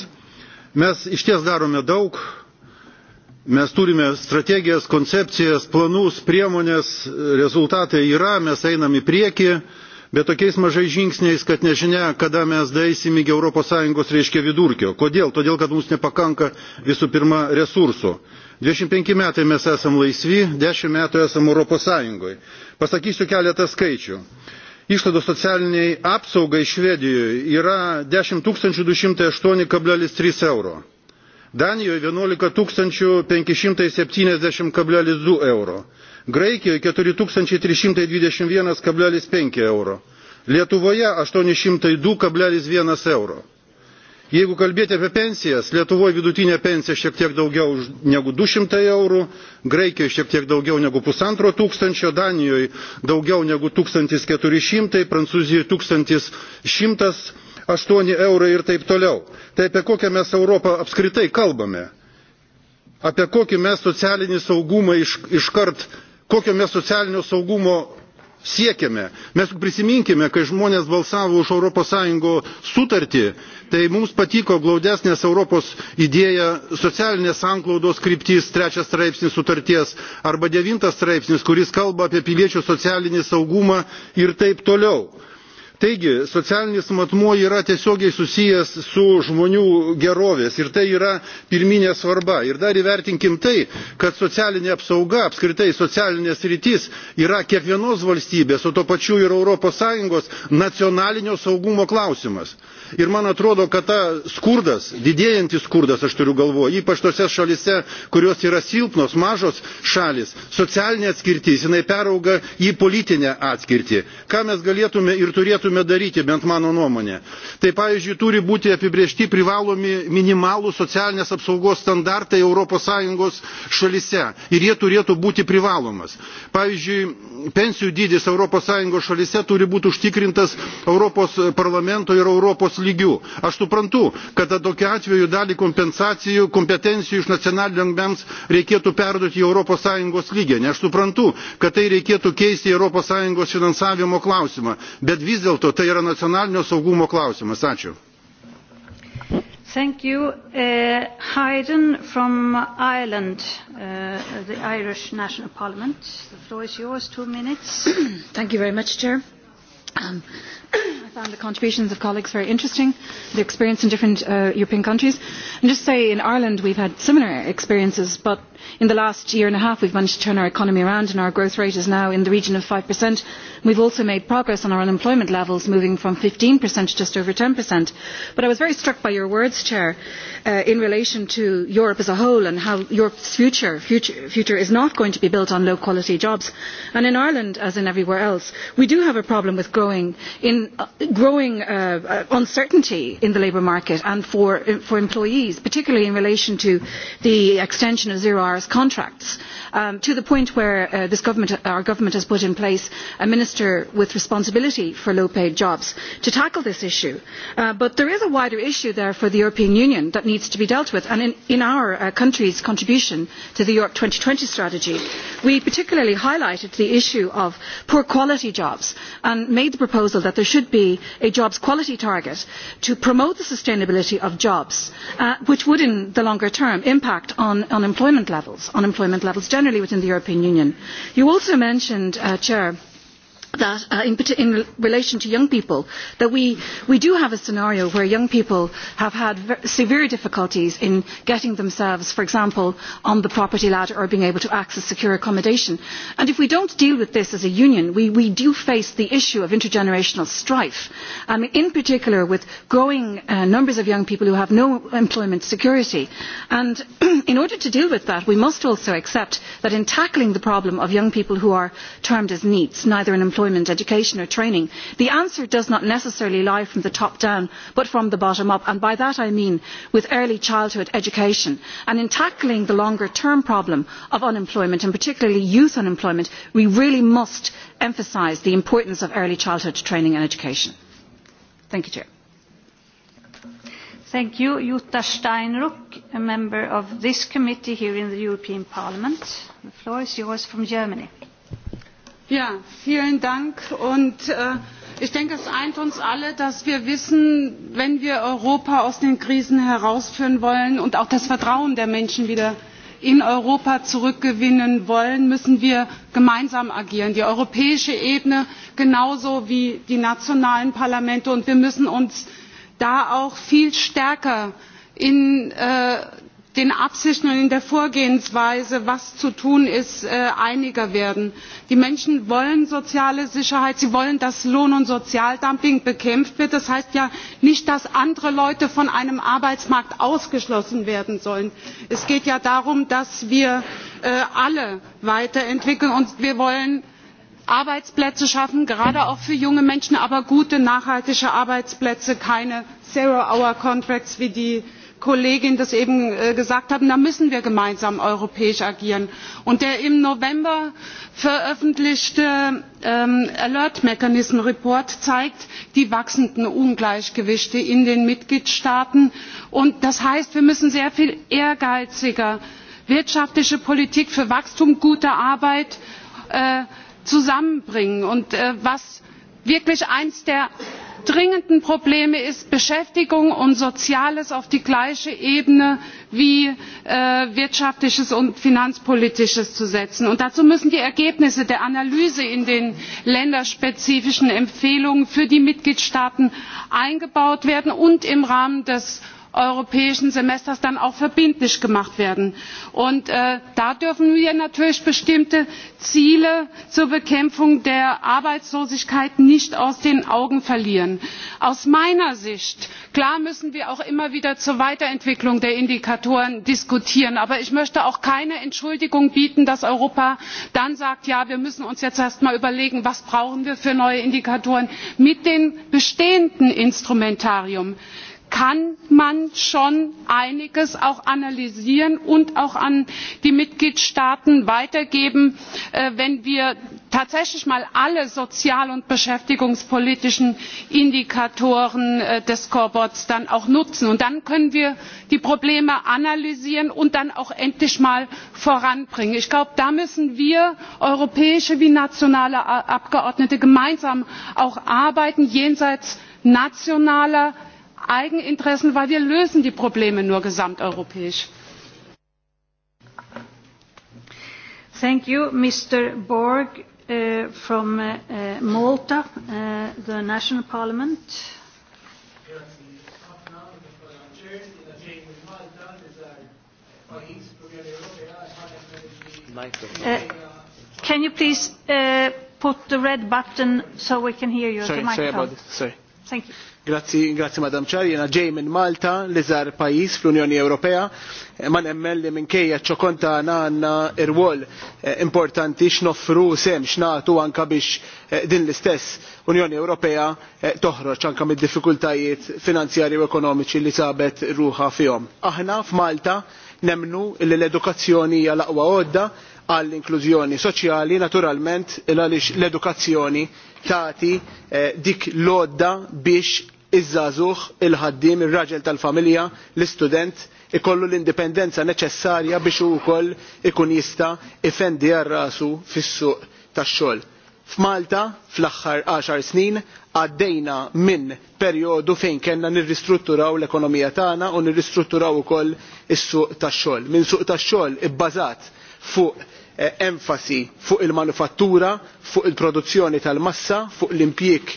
Mes iš ties darome daug, mes turime strategijas, koncepcijas, planus, priemonės, rezultatai yra, mes einam į priekį, bet tokiais mažais žingsniais kad nežinia kada mes daeisim iki europos sąjungos reiškia vidurkio. kodėl? todėl kad mums nepakanka visų pirma resursų. dvidešimt penki metai mes esame laisvi dešimt metų esame europos sąjungoje. pasakysiu keletą skaičių išlaidos socialinei apsaugai švedijoje yra dešimt du šimtai aštuoni trys euro danijoje vienuolika penki šimtai septyniasdešimt du euro graikijoje keturi tūkstančiai trys šimtai dvidešimt vienas penki euro lietuvoje aštuoni šimtai du vienas euro. jeigu kalbėti apie pensijas lietuvoje vidutinė pensija šiek tiek daugiau negu du šimtai eurų graikijoje šiek tiek daugiau negu pusantro tūkstančio danijoje daugiau negu tūkstantis keturi šimtai prancūzijoje tūkstantis šimtas aštuoni eurai ir taip toliau. tai apie kokią mes europą apskritai kalbame? apie kokį mes socialinį saugumą iškart kokio mes socialinio saugumo siekiame. Mes prisiminkime, kai žmonės balsavo už Europos Sąjungos sutartį, tai mums patiko glaudesnės Europos idėja socialinės anklaudos kryptis, trečias straipsnis sutarties arba devintas straipsnis, kuris kalba apie piliečių socialinį saugumą ir taip toliau Taigi, socialinis matmuo yra tiesiogiai susijęs su žmonių gerovės ir tai yra pirminė svarba. Ir dar įvertinkim tai, kad socialinė apsauga, apskritai socialinės rytis yra kiekvienos valstybės, o to pačiu ir ES nacionalinio saugumo klausimas ir man atrodo kad tas skurdas didėjantis skurdas aš turiu galvoje ypač tose šalyse kurios yra silpnos mažos šalys socialinė atskirtis jinai perauga į politinę atskirtį ką mes galėtume ir turėtume daryti bent mano nuomone tai pavyzdžiui turi būti apibrėžti privalomi minimalūs socialinės apsaugos standartai europos sąjungos šalyse ir jie turėtų būti privalomas pavyzdžiui pensijų dydis europos sąjungos šalyse turi būti užtikrintas europos parlamento ir europos lygių. Aš suprantu, kad tokiu atveju dalį kompensacijų, kompetencijų iš nacionalinio lygmens reikėtų perduoti į Europos Sąjungos lygmenį Aš suprantu, kad tai reikėtų keisti Europos Sąjungos finansavimo klausimą, bet vis dėlto tai yra nacionalinio saugumo klausimas. Ačiū. Thank you. Uh, Hayden from Ireland, uh, the Irish National Parliament. The floor is yours, two minutes. Thank you very much, Chair. Um, found the contributions of colleagues very interesting, the experience in different uh, European countries. And just say in Ireland we've had similar experiences, but In the last year and a half, we have managed to turn our economy around and our growth rate is now in the region of five We have also made progress on our unemployment levels, moving from fifteen to just over ten But I was very struck by your words, Chair, in relation to Europe as a whole and how Europe's future, is not going to be built on low-quality jobs. And in Ireland, as in everywhere else, we do have a problem with growing, uncertainty in the labour market and for, employees, particularly in relation to the extension of zero onerous contracts to the point where this government, our government has put in place a minister with responsibility for low paid jobs to tackle this issue. but there is a wider issue there for the European Union that needs to be dealt with and in, our country's contribution to the Europe twenty strategy we particularly highlighted the issue of poor quality jobs and made the proposal that there should be a jobs quality target to promote the sustainability of jobs which would in the longer term impact on unemployment levels unemployment levels generally within the european union. you also mentioned that in, relation to young people that we, do have a scenario where young people have had severe difficulties in getting themselves for example on the property ladder or being able to access secure accommodation and if we do not deal with this as a union we, do face the issue of intergenerational strife in particular with growing numbers of young people who have no employment security in order to deal with that we must also accept that in tackling the problem of young people who are termed as neets neither an employment education or training the answer does not necessarily lie from the top down but from the bottom up and by that i mean with early childhood education and in tackling the longer term problem of unemployment and particularly youth unemployment we really must emphasise the importance of early childhood training and education. Thank you, Chair. Thank you, Jutta Steinruck, a member of this committee here in the European Parliament. The floor is yours from Germany vielen Dank. ich denke, es eint uns alle, dass wir wissen, wenn wir Europa aus den Krisen herausführen wollen und auch das Vertrauen der Menschen wieder in Europa zurückgewinnen wollen, müssen wir gemeinsam agieren. Die europäische Ebene genauso wie die nationalen Parlamente. Und wir müssen uns da auch viel stärker in den absichten und in der vorgehensweise was zu tun ist einiger werden. die menschen wollen soziale sicherheit sie wollen dass lohn und sozialdumping bekämpft wird. das heißt ja nicht dass andere leute von einem arbeitsmarkt ausgeschlossen werden sollen. es geht ja darum dass wir alle weiterentwickeln und wir wollen arbeitsplätze schaffen gerade auch für junge menschen aber gute nachhaltige arbeitsplätze keine zero hour contracts wie die kollegin das eben gesagt haben da müssen wir gemeinsam europäisch agieren. der im november veröffentlichte alert mechanism report zeigt die wachsenden ungleichgewichte in den mitgliedstaaten und das heißt wir müssen sehr viel ehrgeiziger wirtschaftliche politik für wachstum gute arbeit zusammenbringen. was wirklich eines der dringenden probleme ist beschäftigung und soziales auf die gleiche ebene wie wirtschaftliches und finanzpolitisches zu setzen. dazu müssen die ergebnisse der analyse in den länderspezifischen empfehlungen für die mitgliedstaaten eingebaut werden und im rahmen des europäischen semesters dann auch verbindlich gemacht werden. da dürfen wir natürlich bestimmte ziele zur bekämpfung der arbeitslosigkeit nicht aus den augen verlieren. aus meiner sicht klar müssen wir auch immer wieder zur weiterentwicklung der indikatoren diskutieren aber ich möchte auch keine entschuldigung bieten dass europa dann sagt ja wir müssen uns jetzt erst einmal überlegen was brauchen wir für neue indikatoren mit dem bestehenden instrumentarium kann man schon einiges auch analysieren und auch an die mitgliedstaaten weitergeben wenn wir tatsächlich mal alle sozial und beschäftigungspolitischen indikatoren des scoreboards dann auch nutzen. dann können wir die probleme analysieren und dann auch endlich mal voranbringen. ich glaube da müssen wir europäische wie nationale abgeordnete gemeinsam auch arbeiten jenseits nationaler eigeninteressen denn wir lösen die probleme nur gesamteuropäisch. Can you please uh, put the red button so we can hear you? the microphone. sorry about this. Sorry. Thank you Grazzi, Madam Ċar, jena ġej minn Malta li żar pajjiż fl-Unjoni Ewropea, ma nemmen li minkejja ċokonta għandna rwol importanti x'noffru sehem x'nagħtu anke biex din l-istess Unjoni Ewropea toħroġ anke mid-diffikultajiet finanzjarji u ekonomiċi li sabet ruha fihom. Aħna f'Malta nemmnu li l-edukazzjoni hija l-aqwa għodda għall-inklużjoni soċjali naturalment għaliex l-edukazzjoni tagħti dik l-għodda biex iż-żagħżugħ il-ħaddiem ir-raġel tal-familja l-istudent ikollu l-indipendenza neċessarja biex hu wkoll ikun jista' ifendi għal rasu fis-suq tax-xogħol. F'Malta fl-aħħar 10 snin għaddejna minn perjodu fejn kellna nirristrutturaw l-ekonomija tagħna u nirristrutturaw ukoll is-suq tax-xogħol. Minn suq tax-xogħol ibbażat fuq enfasi fuq il-manufattura, fuq il-produzzjoni tal-massa, fuq l-impjieg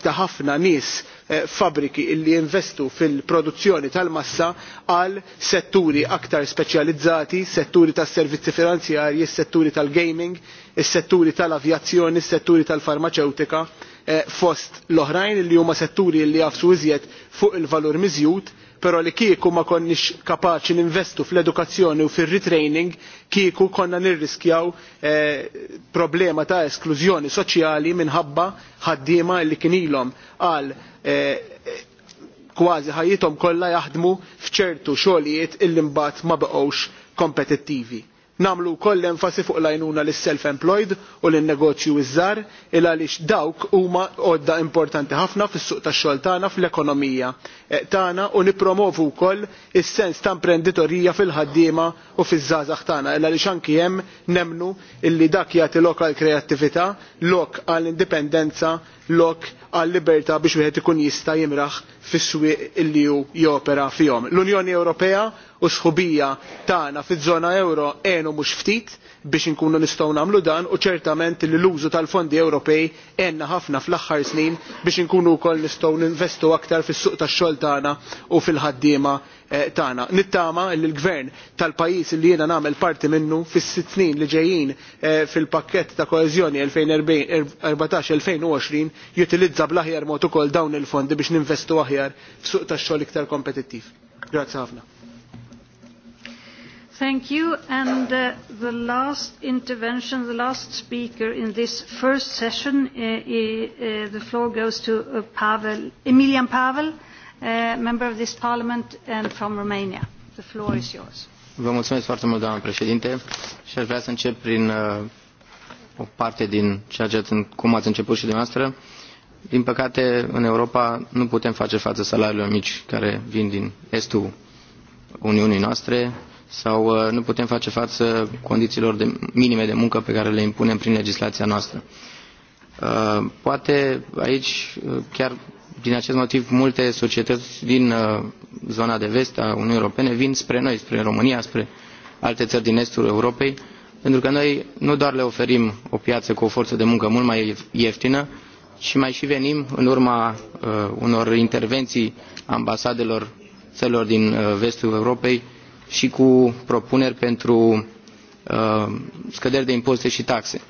ta' ħafna nies fabbriki li jinvestu fil-produzzjoni tal-massa għal setturi aktar speċjalizzati, setturi tas-servizzi finanzjarji, setturi tal-gaming, is-setturi tal-avjazzjoni, is-setturi tal-farmaceutika fost l-oħrajn li huma setturi li jafsu iżjed fuq il-valur miżjud però li kieku ma konniex kapaċi ninvestu fl-edukazzjoni u fir-retraining kieku konna nirriskjaw problema ta' esklużjoni soċjali minħabba ħaddiema li kien ilhom għal kważi ħajjithom kollha jaħdmu f'ċertu xogħlijiet illi mbagħad ma beqgħux kompetittivi nagħmlu wkoll enfasi fuq l-għajnuna lis self employed u lin negozju iż-żgħar il għaliex dawk huma għodda importanti ħafna fis-suq tax-xogħol tagħna fl-ekonomija tagħna u nippromovu wkoll is-sens ta' imprenditorija fil-ħaddiema u fiż-żgħażagħ tagħna il għaliex anki hemm nemmnu li dak jagħti lok għall kreattività lok għall indipendenza lok għal libertà biex wieħed ikun jista' jimraħ fis-swieq illi hu jopera fihom. L-Unjoni Ewropea u sħubija tagħna fiż-żona euro għenu mhux ftit biex inkunu nistgħu nagħmlu dan u ċertament li l-użu tal-fondi Ewropej għenna ħafna fl-aħħar snin biex inkunu wkoll nistgħu ninvestu aktar fis-suq tax-xogħol tagħna u fil-ħaddiema tagħna. Nittama li l-gvern tal-pajjiż li jiena nagħmel parti minnu fis-sitt snin li ġejjin fil-pakkett ta' koeżjoni 2014-2020 jutilizza bl-aħjar mod ukoll dawn il-fondi biex ninvestu aħjar f'suq tax-xogħol iktar kompetittiv. Grazzi ħafna. Thank you. And uh, the last intervention, the last speaker in this first session, uh, uh, the floor goes to uh, Pavel, Emilian Pavel, uh, member of this parliament and from Romania. The floor is yours. Vă mulțumesc foarte mult, doamnă președinte, și aș vrea să încep prin uh, o parte din ceea ce ați, cum ați început și dumneavoastră. Din păcate, în Europa nu putem face față salariilor mici care vin din estul Uniunii noastre, sau nu putem face față condițiilor de, minime de muncă pe care le impunem prin legislația noastră. Poate aici, chiar din acest motiv, multe societăți din zona de vest a Uniunii Europene vin spre noi, spre România, spre alte țări din estul Europei, pentru că noi nu doar le oferim o piață cu o forță de muncă mult mai ieftină, ci mai și venim în urma unor intervenții ambasadelor țărilor din vestul Europei și cu propuneri pentru scăderi de impozite și taxe.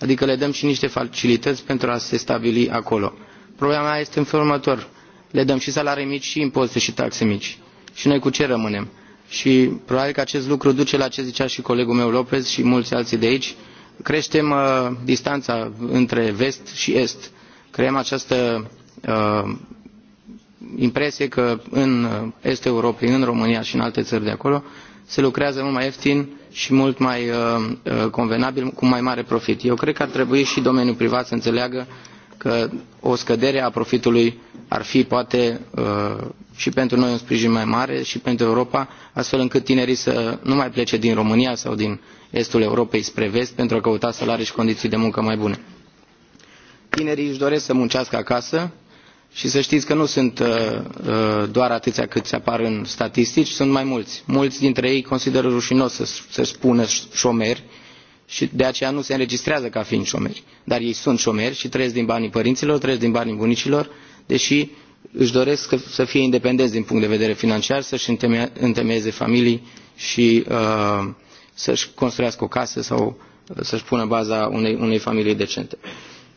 Adică le dăm și niște facilități pentru a se stabili acolo. Problema mea este în felul următor. Le dăm și salarii mici și impozite și taxe mici. Și noi cu ce rămânem? Și probabil că acest lucru duce la ce zicea și colegul meu Lopez și mulți alții de aici. Creștem distanța între vest și est. Creăm această impresie că în estul Europei, în România și în alte țări de acolo, se lucrează mult mai ieftin și mult mai convenabil, cu mai mare profit. Eu cred că ar trebui și domeniul privat să înțeleagă că o scădere a profitului ar fi poate și pentru noi un sprijin mai mare și pentru Europa, astfel încât tinerii să nu mai plece din România sau din estul Europei spre vest pentru a căuta salarii și condiții de muncă mai bune. Tinerii își doresc să muncească acasă, Și să știți că nu sunt doar atâția cât se apar în statistici, sunt mai mulți. Mulți dintre ei consideră rușinos să se spună șomeri și de aceea nu se înregistrează ca fiind șomeri. Dar ei sunt șomeri și trăiesc din banii părinților, trăiesc din banii bunicilor, deși își doresc să fie independenți din punct de vedere financiar, să-și întemeieze familii și să-și construiască o casă sau să-și pună baza unei, unei familii decente. Uh,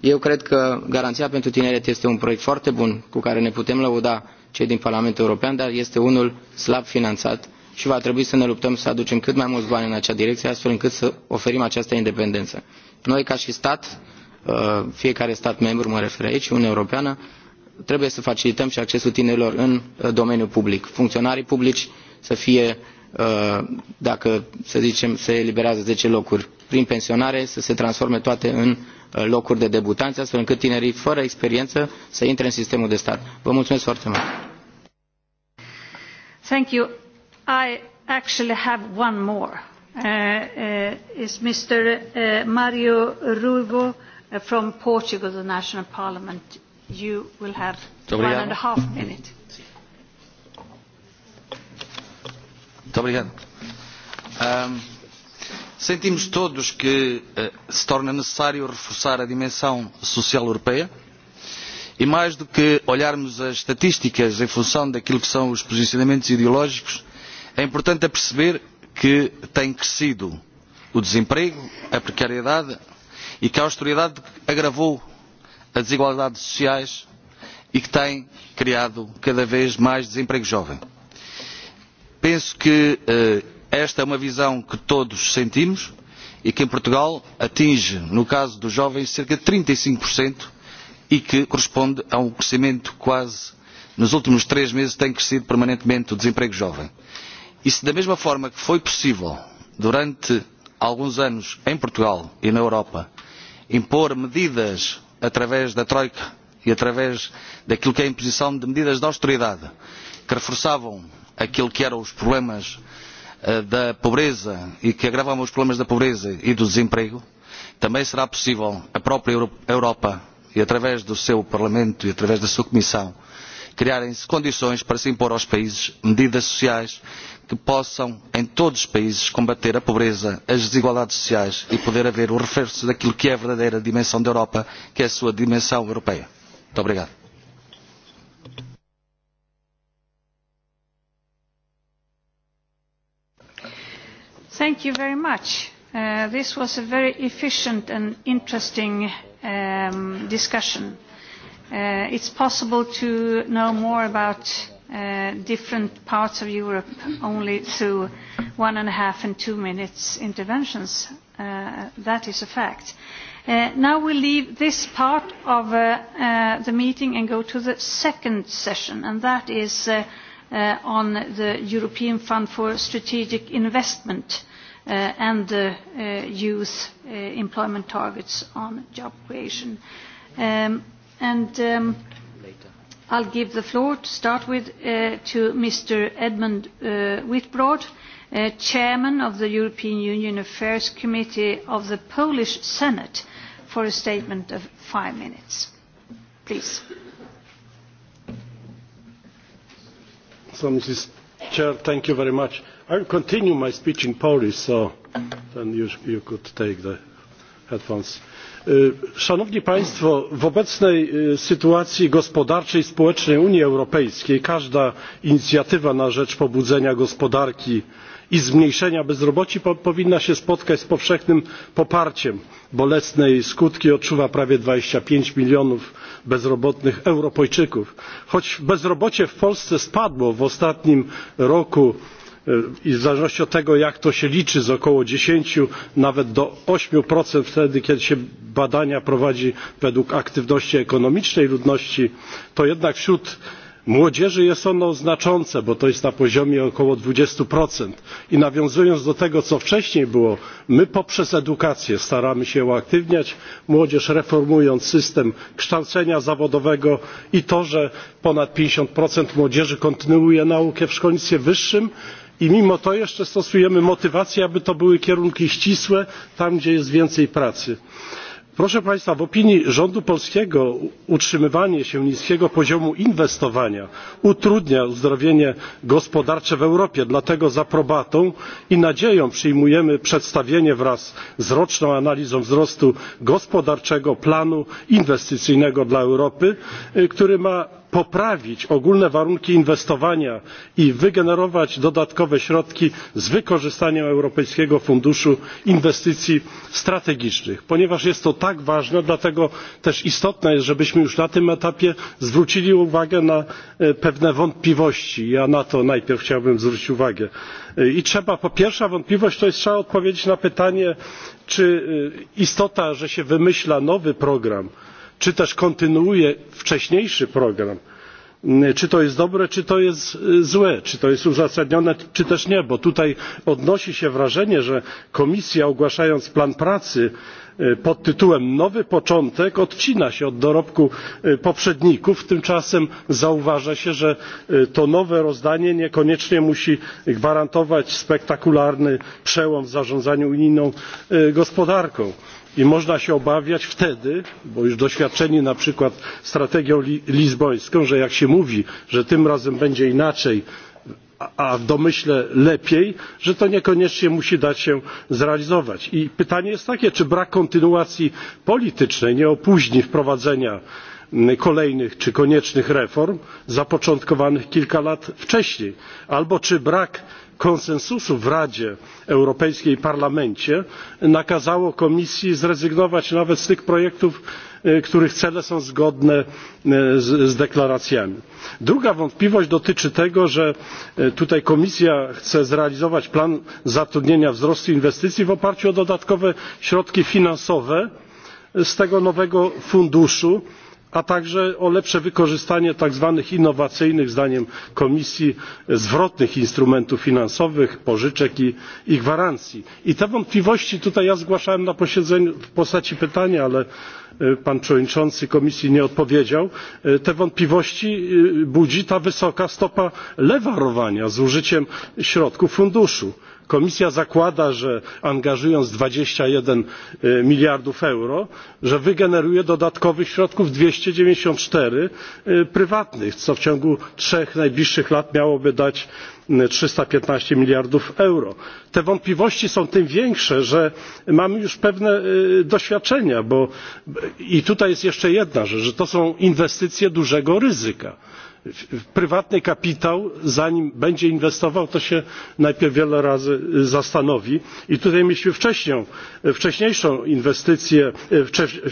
Eu cred că Garanția pentru Tineret este un proiect foarte bun cu care ne putem lăuda cei din Parlamentul European, dar este unul slab finanțat și va trebui să ne luptăm să aducem cât mai mulți bani în acea direcție, astfel încât să oferim această independență. Noi, ca și stat, fiecare stat membru, mă refer aici, Uniunea Europeană, trebuie să facilităm și accesul tinerilor în domeniul public. Funcționarii publici să fie, dacă, să zicem, se eliberează 10 locuri prin pensionare, să se transforme toate în locuri de debutanți, astfel încât tinerii fără experiență să intre în sistemul de stat. Vă mulțumesc foarte mult! Thank you. I actually have one more. Uh, uh, Mr. Uh, Mario Ruivo uh, from Portugal, the National Parliament. You will have one and a half minute. Muito obrigado. Um, Sentimos todos que se torna necessário reforçar a dimensão social europeia e mais do que olharmos as estatísticas em função daquilo que são os posicionamentos ideológicos, é importante perceber que tem crescido o desemprego, a precariedade e que a austeridade agravou as desigualdades sociais e que tem criado cada vez mais desemprego jovem. Penso que esta é uma visão que todos sentimos e que em Portugal atinge, no caso dos jovens, cerca de 35% e que corresponde a um crescimento quase, nos últimos três meses tem crescido permanentemente o desemprego jovem. E se da mesma forma que foi possível, durante alguns anos em Portugal e na Europa, impor medidas através da Troika e através daquilo que é a imposição de medidas de austeridade que reforçavam aquilo que eram os problemas da pobreza e que agravam os problemas da pobreza e do desemprego, também será possível a própria Europa, e através do seu Parlamento e através da sua Comissão, criarem-se condições para se impor aos países medidas sociais que possam, em todos os países, combater a pobreza, as desigualdades sociais e poder haver o reforço daquilo que é a verdadeira dimensão da Europa, que é a sua dimensão europeia. Muito obrigado. Thank you very much. Uh, this was a very efficient and interesting um, discussion. Uh, it's possible to know more about uh, different parts of Europe only through one and a half and two minutes interventions. Uh, that is a fact. Uh, now we leave this part of uh, uh, the meeting and go to the second session, and that is uh, uh, on the European Fund for Strategic Investment and use employment targets on job creation. I'll give the floor to start with to Mr. Edmund Whitbrod, Chairman of the European Union Affairs Committee of the Polish Senate, for a statement of five minutes. Please. So, Mrs. Chair, thank you very much I will continue my speech in Polish, so then you, you could take the headphones. Szanowni Państwo, w obecnej sytuacji gospodarczej i społecznej Unii Europejskiej każda inicjatywa na rzecz pobudzenia gospodarki i zmniejszenia bezrobocia powinna się spotkać z powszechnym poparciem. bolesne jej skutki odczuwa prawie dwadzieścia pięć milionów bezrobotnych europejczyków. choć bezrobocie w polsce spadło w ostatnim roku i w zależności od tego jak to się liczy z około dziesięć nawet do ośmiu wtedy kiedy się badania prowadzi według aktywności ekonomicznej ludności to jednak wśród młodzieży jest ono znaczące bo to jest na poziomie około dwadzieścia i nawiązując do tego co wcześniej było my poprzez edukację staramy się uaktywniać młodzież reformując system kształcenia zawodowego i to że ponad pięćdziesiąt młodzieży kontynuuje naukę w szkolnictwie wyższym i mimo to jeszcze stosujemy motywację aby to były kierunki ścisłe tam gdzie jest więcej pracy. proszę państwa w opinii rządu polskiego utrzymywanie się niskiego poziomu inwestowania utrudnia uzdrowienie gospodarcze w europie dlatego z aprobatą i nadzieją przyjmujemy przedstawienie wraz z roczną analizą wzrostu gospodarczego planu inwestycyjnego dla europy który ma poprawić ogólne warunki inwestowania i wygenerować dodatkowe środki z wykorzystaniem europejskiego funduszu inwestycji strategicznych. ponieważ jest to tak ważne dlatego też istotne jest żebyśmy już na tym etapie zwrócili uwagę na pewne wątpliwości ja na to najpierw chciałbym zwrócić uwagę. i pierwsza wątpliwość to jest trzeba odpowiedzieć na pytanie czy istota że się wymyśla nowy program czy też kontynuuje wcześniejszy program czy to jest dobre czy to jest złe czy to jest uzasadnione czy też nie bo tutaj odnosi się wrażenie że komisja ogłaszając plan pracy pod tytułem nowy początek odcina się od dorobku poprzedników tymczasem zauważa się że to nowe rozdanie niekoniecznie musi gwarantować spektakularny przełom w zarządzaniu unijną gospodarką i można się obawiać wtedy bo już doświadczeni na przykład strategią lizbońską że jak się mówi że tym razem będzie inaczej a w domyśle lepiej że to niekoniecznie musi dać się zrealizować. i pytanie jest takie czy brak kontynuacji politycznej nie opóźni wprowadzenia kolejnych czy koniecznych reform zapoczątkowanych kilka lat wcześniej albo czy brak konsensusu w Radzie Europejskiej i Parlamencie nakazało Komisji zrezygnować nawet z tych projektów, których cele są zgodne z deklaracjami. Druga wątpliwość dotyczy tego, że tutaj Komisja chce zrealizować plan zatrudnienia wzrostu inwestycji w oparciu o dodatkowe środki finansowe z tego nowego funduszu a także o lepsze wykorzystanie tak zwanych innowacyjnych zdaniem komisji zwrotnych instrumentów finansowych pożyczek i gwarancji. I te wątpliwości tutaj ja zgłaszałem na posiedzeniu w postaci pytania ale pan przewodniczący komisji nie odpowiedział. te wątpliwości budzi ta wysoka stopa lewarowania z użyciem środków funduszu komisja zakłada że angażując dwadzieścia jeden miliardów euro wygeneruje dodatkowych środków dwieście dziewięćdzisiąt cztery prywatnych co w ciągu trzech najbliższych lat miałoby dać trzysta piętnaście miliardów euro. te wątpliwości są tym większe że mamy już pewne doświadczenia i tutaj jest jeszcze jedna rzecz że to są inwestycje dużego ryzyka prywatny kapitał zanim będzie inwestował to się najpierw wiele razy zastanowi i tutaj mieliśmy wcześniejszą inwestycję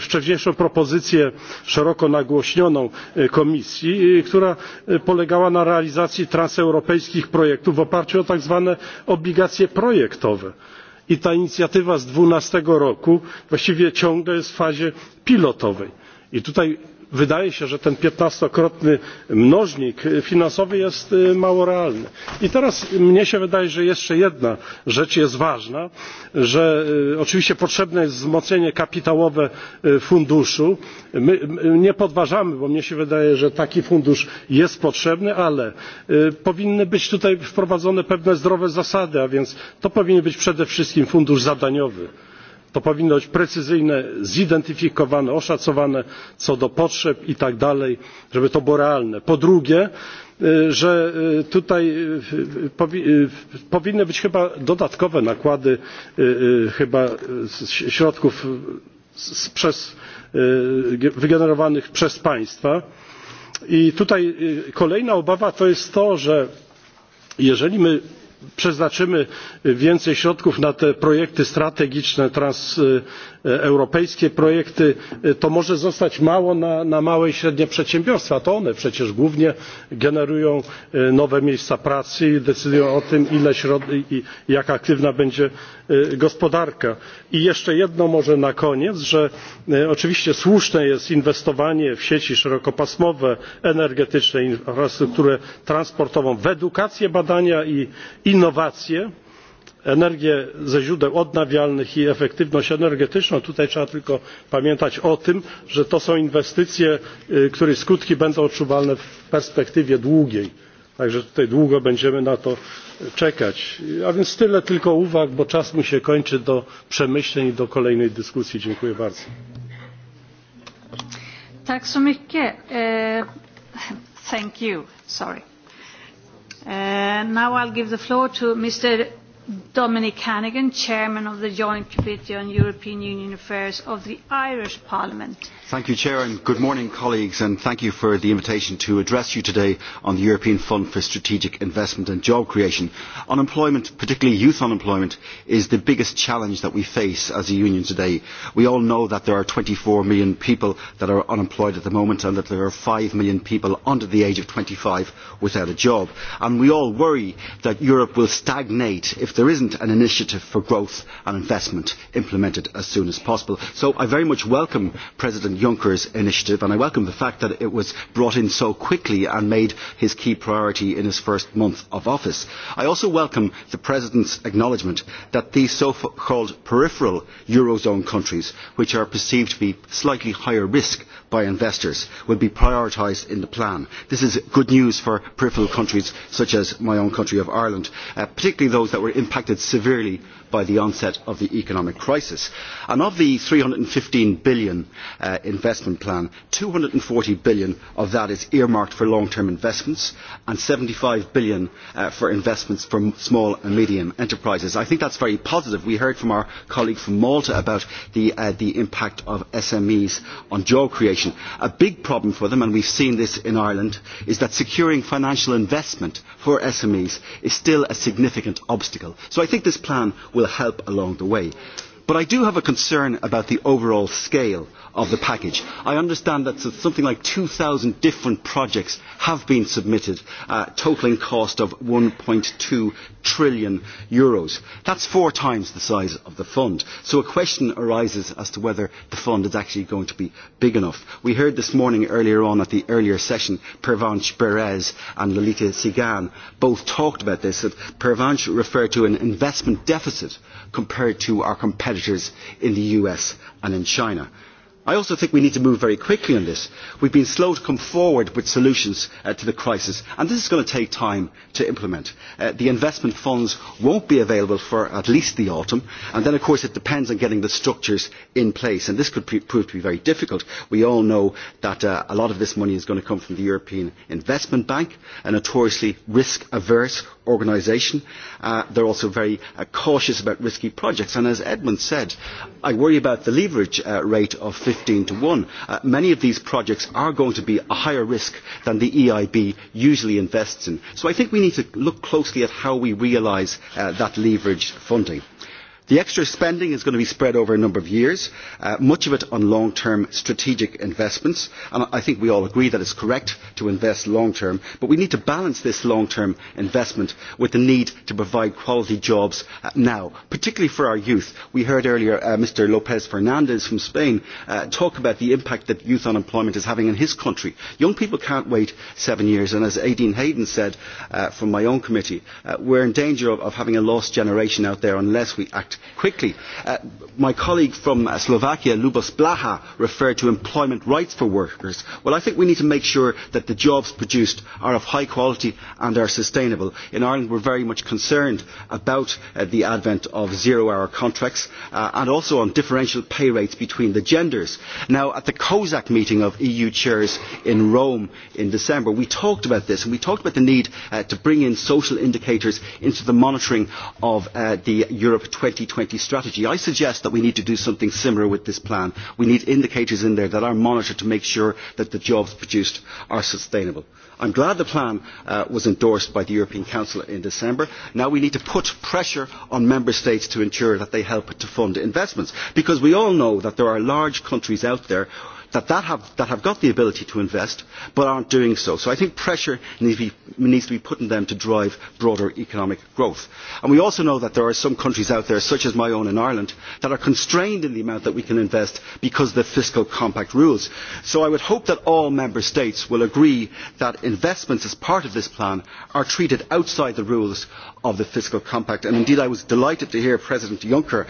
wcześniejszą propozycję szeroko nagłośnioną komisji która polegała na realizacji transeuropejskich projektów w oparciu o tak zwane obligacje projektowe i ta inicjatywa z dwa tysiące dwanaście roku właściwie ciągle jest w fazie pilotowej i tutaj wydaje się że ten piętnastokrotny mnożnik finansowy jest mało realny. i teraz mnie się wydaje że jeszcze jedna rzecz jest ważna że oczywiście potrzebne jest wzmocnienie kapitałowe funduszu My nie podważamy bo mnie się wydaje że taki fundusz jest potrzebny ale powinny być tutaj wprowadzone pewne zdrowe zasady a więc to powinien być przede wszystkim fundusz zadaniowy to powinno być precyzyjne zidentyfikowane oszacowane co do potrzeb i tak dalej żeby to było realne. po drugie że tutaj powinny być chyba dodatkowe nakłady środków wygenerowanych przez państwa i tutaj kolejna obawa to jest to że jeżeli my przeznaczymy więcej środków na te projekty strategiczne europejskie projekty to może zostać mało na małe i średnie przedsiębiorstwa to one przecież głównie generują nowe miejsca pracy i decydują o tym jak aktywna będzie gospodarka. i jeszcze jedno może na koniec że oczywiście słuszne jest inwestowanie w sieci szerokopasmowe energetyczne infrastrukturę transportową w edukację badania i innowacje energię ze źródeł odnawialnych i efektywność energetyczną tutaj trzeba tylko pamiętać o tym że to są inwestycje których skutki będą odczuwalne w perspektywie długiej tak że tutaj długo będziemy na to czekać. a więc tyle tylko uwag bo czas mi się kończy do przemyśleń i do kolejnej dyskusji. dziękuję bardzo. Dominic Hannigan, Chairman of the Joint Committee on European Union Affairs of the Irish Parliament. Thank you, Chair, and good morning, colleagues, and thank you for the invitation to address you today on the European Fund for Strategic Investment and Job Creation. Unemployment, particularly youth unemployment, is the biggest challenge that we face as a union today. We all know that there are twenty four million people that are unemployed at the moment and that there are five million people under the age of twenty five without a job. And we all worry that Europe will stagnate if there is not an initiative for growth and investment implemented as soon as possible. So I very much welcome President Juncker's initiative and I welcome the fact that it was brought in so quickly and made his key priority in his first month of office. I also welcome the President's acknowledgement that these so-called peripheral Eurozone countries, which are perceived to be slightly higher risk by investors will be prioritised in the plan. This is good news for peripheral countries such as my own country of Ireland, particularly those that were impacted severely by the onset of the economic crisis. of the eur three hundred and fifteen billion investment plan, eur two hundred and forty billion of that is earmarked for long-term investments and eur seventy five billion for investments for small and medium enterprises. I think that is very positive. We heard from our colleague from Malta about the, impact of SMEs on job creation. A big problem for them, and we have seen this in Ireland, is that securing financial investment for SMEs is still a significant obstacle. So I think this plan will will help along the way. But I do have a concern about the overall scale of the package. I understand that something like 2,000 different projects have been submitted, uh, totaling cost of 1.2 trillion euros. That's four times the size of the fund. So a question arises as to whether the fund is actually going to be big enough. We heard this morning earlier on at the earlier session, Pervanche Perez and Lolita Sigan both talked about this, that Pervanche referred to an investment deficit compared to our competitors in the US and in China I also think we need to move very quickly on this. We have been slow to come forward with solutions to the crisis, and this is going to take time to implement. the investment funds will not be available for at least the autumn, and then, of course, it depends on getting the structures in place, and this could prove to be very difficult. We all know that a lot of this money is going to come from the European Investment Bank, a notoriously risk-averse organisation. They are also very cautious about risky projects, and as Edmund said, I worry about the leverage rate of fifteen to one. many of these projects are going to be a higher risk than the EIB usually invests in. So I think we need to look closely at how we realise that leveraged funding. The extra spending is going to be spread over a number of years, much of it on long-term strategic investments, and I think we all agree that it is correct to invest long-term, but we need to balance this long-term investment with the need to provide quality jobs now, particularly for our youth. We heard earlier Mr. Lopez Fernandez from Spain talk about the impact that youth unemployment is having in his country. Young people cannot wait seven years, and as Aideen Hayden said from my own committee, we are in danger of having a lost generation out there unless we act quickly. my colleague from Slovakia, Lubos Blaha, referred to employment rights for workers. Well, I think we need to make sure that the jobs produced are of high quality and are sustainable. In Ireland, we are very much concerned about the advent of zero-hour contracts and also on differential pay rates between the genders. Now, at the COSAC meeting of EU chairs in Rome in December, we talked about this and we talked about the need to bring in social indicators into the monitoring of the Europe 2020 2020 strategy. I suggest that we need to do something similar with this plan. We need indicators in there that are monitored to make sure that the jobs produced are sustainable. I am glad the plan was endorsed by the European Council in December. Now we need to put pressure on member states to ensure that they help to fund investments because we all know that there are large countries out there that, that, have, that have got the ability to invest but are not doing so. So I think pressure needs to be put on them to drive broader economic growth. And we also know that there are some countries out there, such as my own in Ireland, that are constrained in the amount that we can invest because of the fiscal compact rules. So I would hope that all member states will agree that investments as part of this plan are treated outside the rules of the fiscal compact. And indeed, I was delighted to hear President Juncker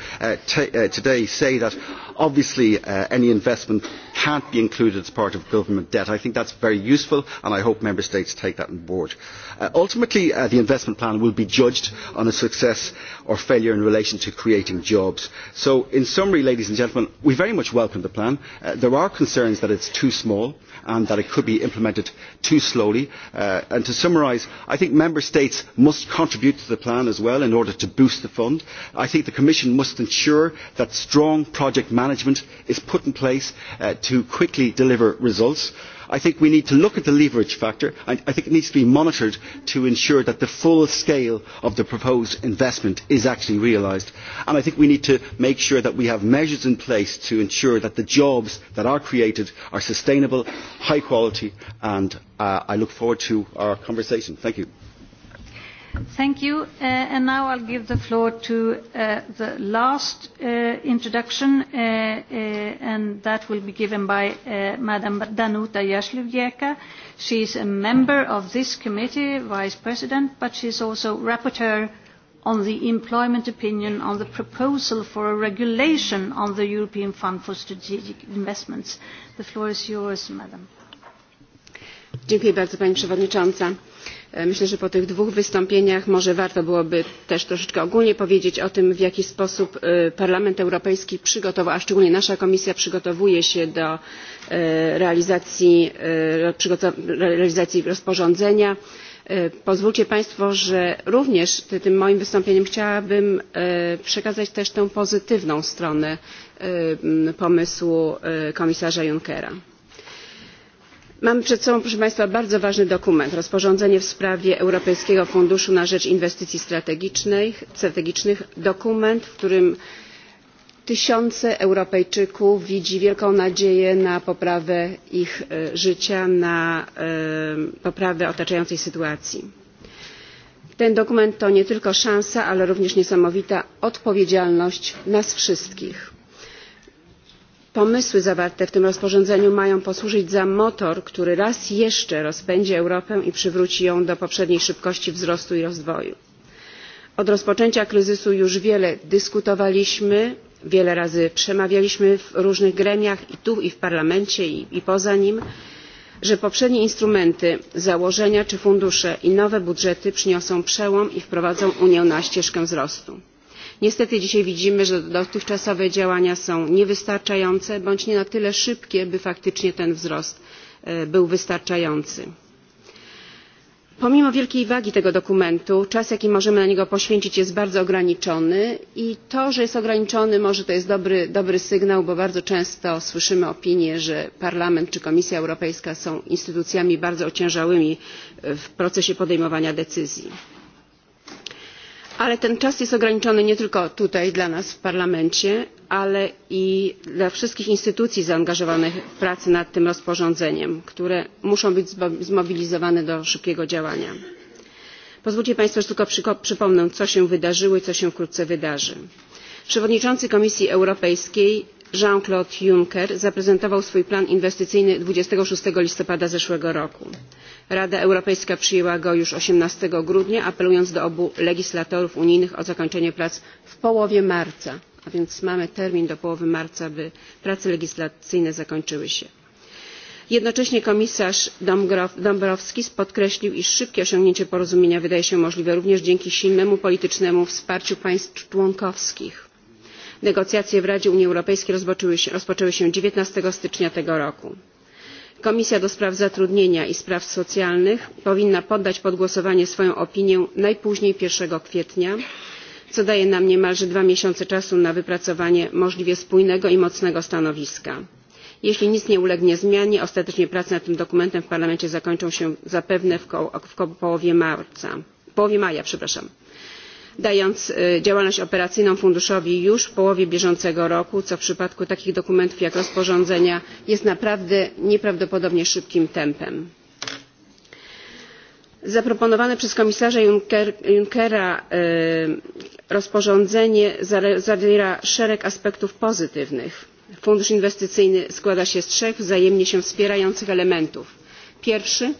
today say that obviously any investment cannot be included as part of government debt. I think that is very useful, and I hope member states take that on board. ultimately, the investment plan will be judged on a success or failure in relation to creating jobs. So, in summary, ladies and gentlemen, we very much welcome the plan. there are concerns that it is too small and that it could be implemented too slowly. and to summarise, I think member states must contribute to the plan as well in order to boost the fund. I think the Commission must ensure that strong project management is put in place to quickly deliver results. I think we need to look at the leverage factor and I think it needs to be monitored to ensure that the full scale of the proposed investment is actually realised. And I think we need to make sure that we have measures in place to ensure that the jobs that are created are sustainable, high quality and I look forward to our conversation. Thank you. Thank you. And now I'll give the floor to the last introduction, and that will be given by Madam Danuta Jaślubiecka. She is a member of this committee, Vice President, but she is also rapporteur on the employment opinion on the proposal for a regulation on the European Fund for Strategic Investments. The floor is yours, Madam. Dziękuję bardzo, Pani Przewodnicząca Myślę, że po tych dwóch wystąpieniach może warto byłoby też troszeczkę ogólnie powiedzieć o tym, w jaki sposób Parlament Europejski przygotował, a szczególnie nasza komisja przygotowuje się do realizacji, rozporządzenia. Pozwólcie Państwo, że również tym moim wystąpieniem chciałabym przekazać też tę pozytywną stronę pomysłu komisarza Junckera mamy przed sobą proszę państwa bardzo ważny dokument rozporządzenie w sprawie europejskiego funduszu na rzecz inwestycji strategicznych dokument w którym tysiące europejczyków widzi wielką nadzieję na poprawę ich życia na poprawę otaczającej sytuacji. ten dokument to nie tylko szansa ale również niesamowita odpowiedzialność nas wszystkich Pomysły zawarte w tym rozporządzeniu mają posłużyć za motor, który raz jeszcze rozpędzi Europę i przywróci ją do poprzedniej szybkości wzrostu i rozwoju. Od rozpoczęcia kryzysu już wiele dyskutowaliśmy, wiele razy przemawialiśmy w różnych gremiach i tu, i w parlamencie, i, poza nim, że poprzednie instrumenty, założenia czy fundusze i nowe budżety przyniosą przełom i wprowadzą Unię na ścieżkę wzrostu Niestety dzisiaj widzimy, że dotychczasowe działania są niewystarczające bądź nie na tyle szybkie, by faktycznie ten wzrost był wystarczający. Pomimo wielkiej wagi tego dokumentu, czas jaki możemy na niego poświęcić jest bardzo ograniczony i to, że jest ograniczony może to jest dobry, sygnał, bo bardzo często słyszymy opinię, że Parlament czy Komisja Europejska są instytucjami bardzo ociężałymi w procesie podejmowania decyzji ale ten czas jest ograniczony nie tylko tutaj dla nas w parlamencie ale i dla wszystkich instytucji zaangażowanych w prace nad tym rozporządzeniem które muszą być zmobilizowane do szybkiego działania. pozwólcie państwo że tylko przypomnę co się wydarzyło i co się wkrótce wydarzy. przewodniczący komisji europejskiej jean claude juncker zaprezentował swój plan inwestycyjny dwadzieścia sześć listopada zeszłego roku Rada Europejska przyjęła go już osiemnaście grudnia, apelując do obu legislatorów unijnych o zakończenie prac w połowie marca, a więc mamy termin do połowy marca, by prace legislacyjne zakończyły się. Jednocześnie komisarz Dombrovskis podkreślił, iż szybkie osiągnięcie porozumienia wydaje się możliwe również dzięki silnemu politycznemu wsparciu państw członkowskich. Negocjacje w Radzie Unii Europejskiej rozpoczęły się dziewiętnaście stycznia tego roku komisja do spraw zatrudnienia i spraw socjalnych powinna poddać pod głosowanie swoją opinię najpóźniej jeden kwietnia co daje nam niemalże dwa miesiące czasu na wypracowanie możliwie spójnego i mocnego stanowiska. jeśli nic nie ulegnie zmianie ostatecznie prace nad tym dokumentem w parlamencie zakończą się zapewne w połowie maja dając działalność operacyjną funduszowi już w połowie bieżącego roku co w przypadku takich dokumentów jak rozporządzenia jest naprawdę nieprawdopodobnie szybkim tempem. zaproponowane przez komisarza junckera rozporządzenie zawiera szereg aspektów pozytywnych. fundusz inwestycyjny składa się z trzech wzajemnie się wspierających elementów Pierwszy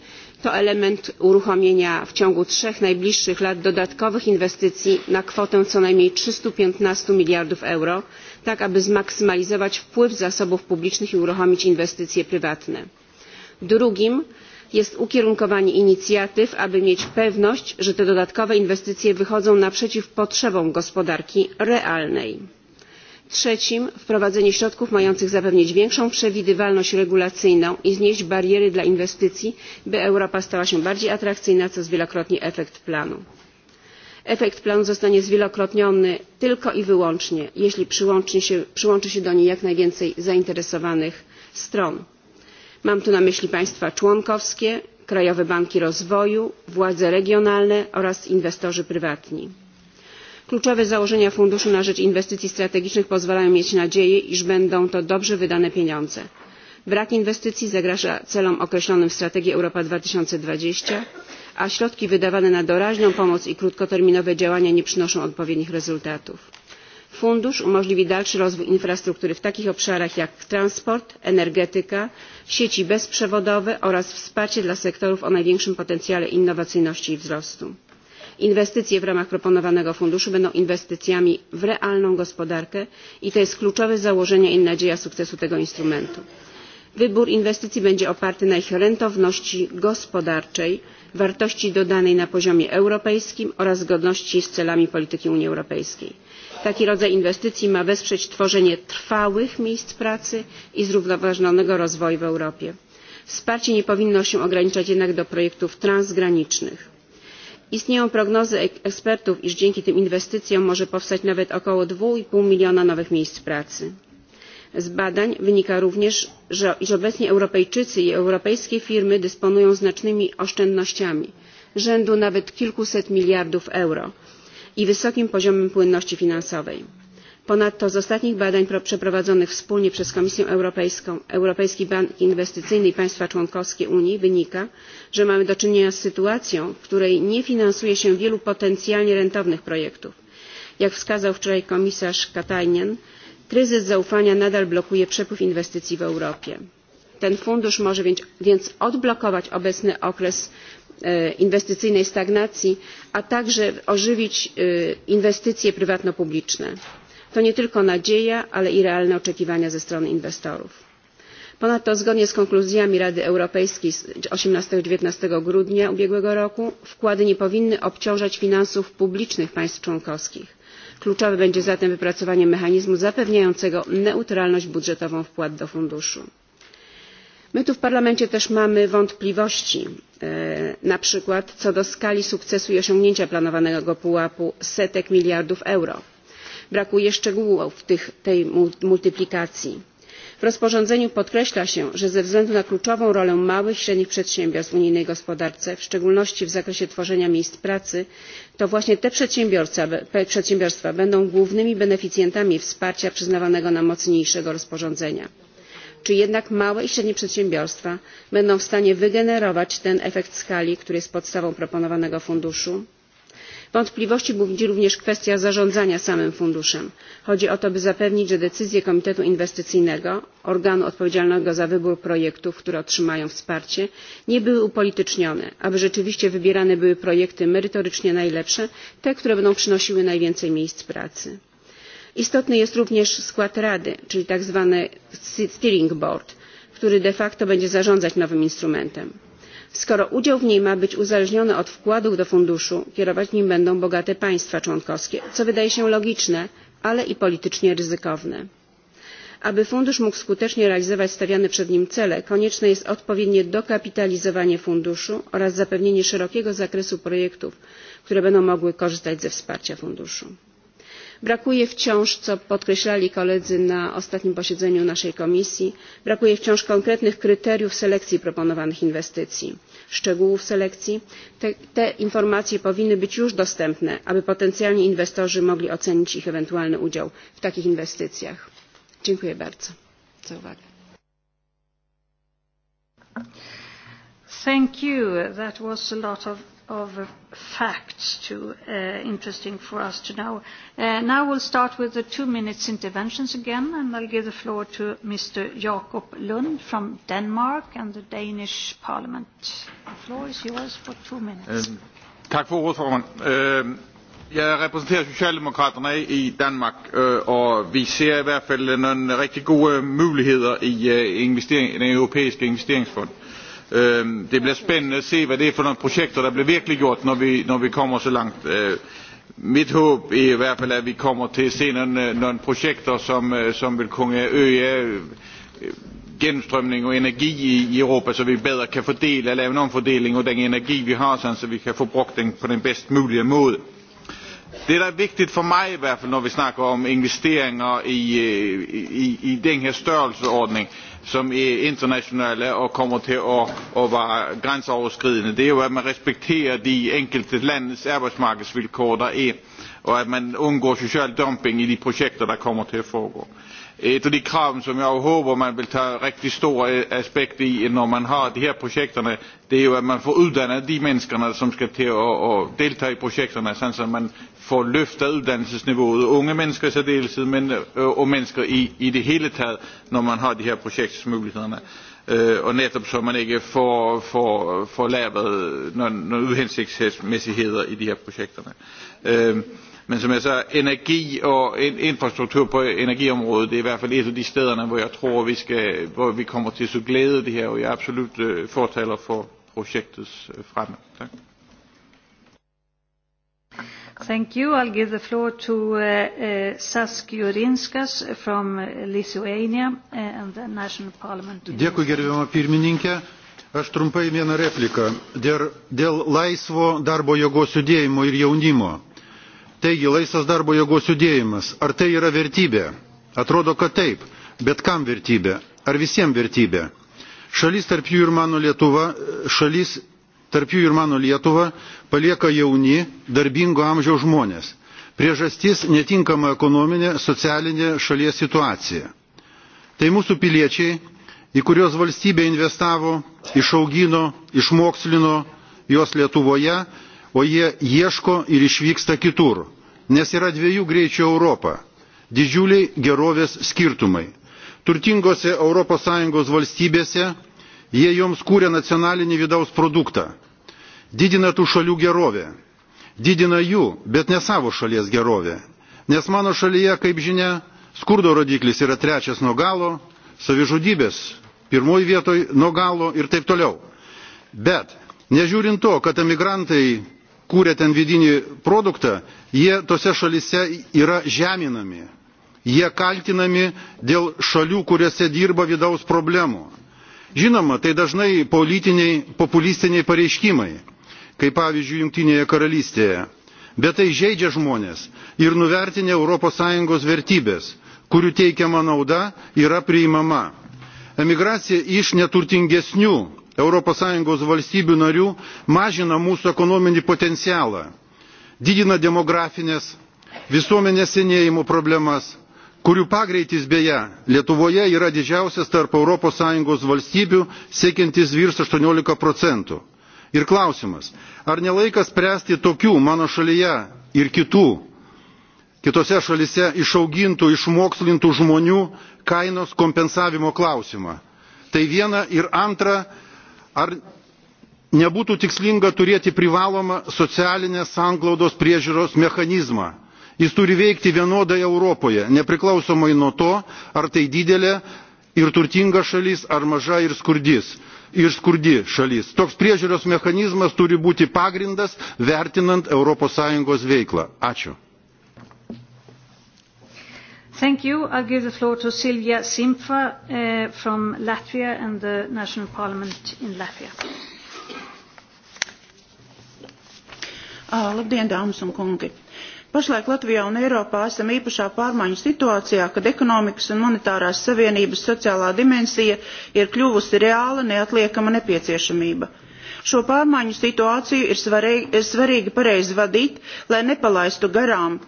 to element uruchomienia w ciągu trzech najbliższych lat dodatkowych inwestycji na kwotę co najmniej trzysta piętnaście miliardów euro tak aby zmaksymalizować wpływ zasobów publicznych i uruchomić inwestycje prywatne. drugim jest ukierunkowanie inicjatyw aby mieć pewność że te dodatkowe inwestycje wychodzą naprzeciw potrzebom gospodarki realnej trzecim wprowadzenie środków mających zapewnić większą przewidywalność regulacyjną i znieść bariery dla inwestycji by europa stała się bardziej atrakcyjna co zwielokrotni efekt planu. efekt planu zostanie zwielokrotniony tylko i wyłącznie jeśli przyłączy się do niej jak najwięcej zainteresowanych stron. mam tu na myśli państwa członkowskie krajowe banki rozwoju władze regionalne oraz inwestorzy prywatni Kluczowe założenia Funduszu na rzecz Inwestycji Strategicznych pozwalają mieć nadzieję, iż będą to dobrze wydane pieniądze. Brak inwestycji zagraża celom określonym w strategii Europa dwa tysiące dwadzieścia, a środki wydawane na doraźną pomoc i krótkoterminowe działania nie przynoszą odpowiednich rezultatów. Fundusz umożliwi dalszy rozwój infrastruktury w takich obszarach jak transport, energetyka, sieci bezprzewodowe oraz wsparcie dla sektorów o największym potencjale innowacyjności i wzrostu. Inwestycje w ramach proponowanego funduszu będą inwestycjami w realną gospodarkę i to jest kluczowe założenie i nadzieja sukcesu tego instrumentu. Wybór inwestycji będzie oparty na ich rentowności gospodarczej, wartości dodanej na poziomie europejskim oraz zgodności z celami polityki Unii Europejskiej. Taki rodzaj inwestycji ma wesprzeć tworzenie trwałych miejsc pracy i zrównoważonego rozwoju w Europie. Wsparcie nie powinno się ograniczać jednak do projektów transgranicznych Istnieją prognozy ekspertów, iż dzięki tym inwestycjom może powstać nawet około pięć miliona nowych miejsc pracy. Z badań wynika również, że, iż obecnie Europejczycy i europejskie firmy dysponują znacznymi oszczędnościami, rzędu nawet kilkuset miliardów euro i wysokim poziomem płynności finansowej Ponadto z ostatnich badań przeprowadzonych wspólnie przez Komisję Europejską, Europejski Bank Inwestycyjny i państwa członkowskie Unii wynika, że mamy do czynienia z sytuacją, w której nie finansuje się wielu potencjalnie rentownych projektów. Jak wskazał wczoraj komisarz Katainen, kryzys zaufania nadal blokuje przepływ inwestycji w Europie. Ten fundusz może więc odblokować obecny okres inwestycyjnej stagnacji, a także ożywić inwestycje prywatno-publiczne to nie tylko nadzieja, ale i realne oczekiwania ze strony inwestorów. Ponadto zgodnie z konkluzjami Rady Europejskiej z i dziewiętnaście grudnia ubiegłego roku wkłady nie powinny obciążać finansów publicznych państw członkowskich. Kluczowe będzie zatem wypracowanie mechanizmu zapewniającego neutralność budżetową wpłat do funduszu. My tu w parlamencie też mamy wątpliwości, na przykład co do skali sukcesu i osiągnięcia planowanego pułapu setek miliardów euro brakuje szczegółów tej multiplikacji. w rozporządzeniu podkreśla się że ze względu na kluczową rolę małych i średnich przedsiębiorstw w unijnej gospodarce w szczególności w zakresie tworzenia miejsc pracy to właśnie te przedsiębiorstwa będą głównymi beneficjentami wsparcia przyznawanego na mocy niniejszego rozporządzenia. czy jednak małe i średnie przedsiębiorstwa będą w stanie wygenerować ten efekt skali który jest podstawą proponowanego funduszu? wątpliwości budzi również kwestia zarządzania samym funduszem. chodzi o to by zapewnić że decyzje komitetu inwestycyjnego organu odpowiedzialnego za wybór projektów które otrzymają wsparcie nie były upolitycznione aby rzeczywiście wybierane były projekty merytorycznie najlepsze te które będą przynosiły najwięcej miejsc pracy. istotny jest również skład rady czyli tak zwany steering board który de facto będzie zarządzać nowym instrumentem skoro udział w niej ma być uzależniony od wkładów do funduszu kierować nim będą bogate państwa członkowskie co wydaje się logiczne ale i politycznie ryzykowne. aby fundusz mógł skutecznie realizować stawiane przed nim cele konieczne jest odpowiednie dokapitalizowanie funduszu oraz zapewnienie szerokiego zakresu projektów które będą mogły korzystać ze wsparcia funduszu. Brakuje wciąż, co podkreślali koledzy na ostatnim posiedzeniu naszej komisji, brakuje wciąż konkretnych kryteriów selekcji proponowanych inwestycji, szczegółów selekcji. Te, informacje powinny być już dostępne, aby potencjalni inwestorzy mogli ocenić ich ewentualny udział w takich inwestycjach. Dziękuję bardzo za uwagę of facts too uh, interesting for us to know. Uh, now we'll start with the two minutes interventions again, and I'll give the floor to Mr. Jakob Lund from Denmark and the Danish Parliament. The floor is yours for two minutes. Um, jeg repræsenterer Socialdemokraterne i Danmark, og vi ser i hvert fald nogle rigtig gode muligheder i, investering, den europæiske investeringsfond Det blir spännande att se vad det är för noen prosjekter. Det blir virkelig när vi, när vi kommer så langt. Mitt hopp är i hvert fall at vi kommer til att se någon, någon projekt som, som vill kunna øke gennemstrømning och energi i, Europa, så vi bedre kan fordele og lave en av den energi vi har, sen så vi kan få brugt den på den bäst möjliga måde. Det der er vigtigt for mig i hvert fall, når vi snakker om investeringer i, i, i den her størrelseordning, som er internationella og kommer til å, være grenseoverskridende. Det er jo at man respekterer de enkelte lands arbeidsmarkedsvilkår der er, og at man undgår social dumping i de projekter der kommer til å foregå et af de krav, som jeg håber man vil tage rigtig stor aspekt i når man har de her projekter er jo at man får uddannet de mennesker, som skal til at deltage i projekterne sådan at man får løftet uddannelsesniveauet Unge mennesker i særdeleshet, og mennesker i det hele taget, når man har de her projektsmuligheder. Og netop så man ikke får lavet nogle uhensigtsmæssigheder i de her projekter. Men som jeg sagde, energi og infrastruktur på energiområdet, det er i hvert fald et af de steder hvor jeg tror, vi, skal, hvor vi kommer til at så glæde det her, og jeg er absolut fortaler for projektets fremme. Tak. Thank you. I'll give the floor to uh, uh, Sask Jurinskas from Lithuania and the National Parliament. Dėkui, gerbiama pirmininkė. Aš trumpai vieną repliką. Dėl, dėl laisvo darbo jėgos judėjimo ir jaunimo Taigi laisvas darbo jėgos judėjimas, ar tai yra vertybė? Atrodo, kad taip, bet kam vertybė? Ar visiems vertybė? Šalis tarp jų ir mano Lietuva, šalis tarp jų ir mano Lietuva, palieka jauni, darbingo amžiaus žmonės. Priežastis netinkama ekonominė, socialinė šalies situacija. Tai mūsų piliečiai, į kuriuos valstybė investavo, išaugino, išmokslino, jos Lietuvoje o jie ieško ir išvyksta kitur, nes yra dviejų greičių Europa – didžiuliai gerovės skirtumai. Turtingose Europos Sąjungos valstybėse jie joms kūrė nacionalinį vidaus produktą, didina tų šalių gerovę, didina jų, bet ne savo šalies gerovę, nes mano šalyje, kaip žinia, skurdo rodiklis yra trečias nuo galo, savižudybės pirmoji vietoj nuo galo ir taip toliau. Bet nežiūrint to, kad emigrantai kūrė ten vidinį produktą, jie tose šalise yra žeminami. Jie kaltinami dėl šalių, kuriuose dirba vidaus problemų. Žinoma, tai dažnai politiniai, populistiniai pareiškimai, kaip pavyzdžiui Junktinėje karalystėje. Bet tai žaidžia žmonės ir nuvertinė ES vertybės, kurių teikiama nauda yra priimama. Emigracija iš neturtingesnių europos sąjungos valstybių narių mažina mūsų ekonominį potencialą didina demografines visuomenės senėjimo problemas kurių pagreitis beje lietuvoje yra didžiausias tarp europos sąjungos valstybių siekiantis virš aštuoniolika procentų. ir klausimas ar ne laikas spręsti tokių mano šalyje ir kitų kitose šalyse išaugintų išmokslintų žmonių kainos kompensavimo klausimą? tai viena ir antra ar nebūtų tikslinga turėti privalomą socialinės sanglaudos priežiūros mechanizmą jis turi veikti vienodai europoje nepriklausomai nuo to ar tai didelė ir turtinga šalis ar maža ir skurdi šalis. toks priežiūros mechanizmas turi būti pagrindas vertinant europos sąjungos veiklą. ačiū. Thank you. I'll give the floor to Simfa uh, from Latvia and the National Parliament in Latvia. Labdien, dāmas un kungi! Pašlaik Latvijā un Eiropā esam īpašā pārmaiņu situācijā, kad ekonomikas un monetārās savienības sociālā dimensija ir kļuvusi reāla neatliekama nepieciešamība. Šo pārmaiņu situāciju ir svarīgi pareizi vadīt, lai nepalaistu garām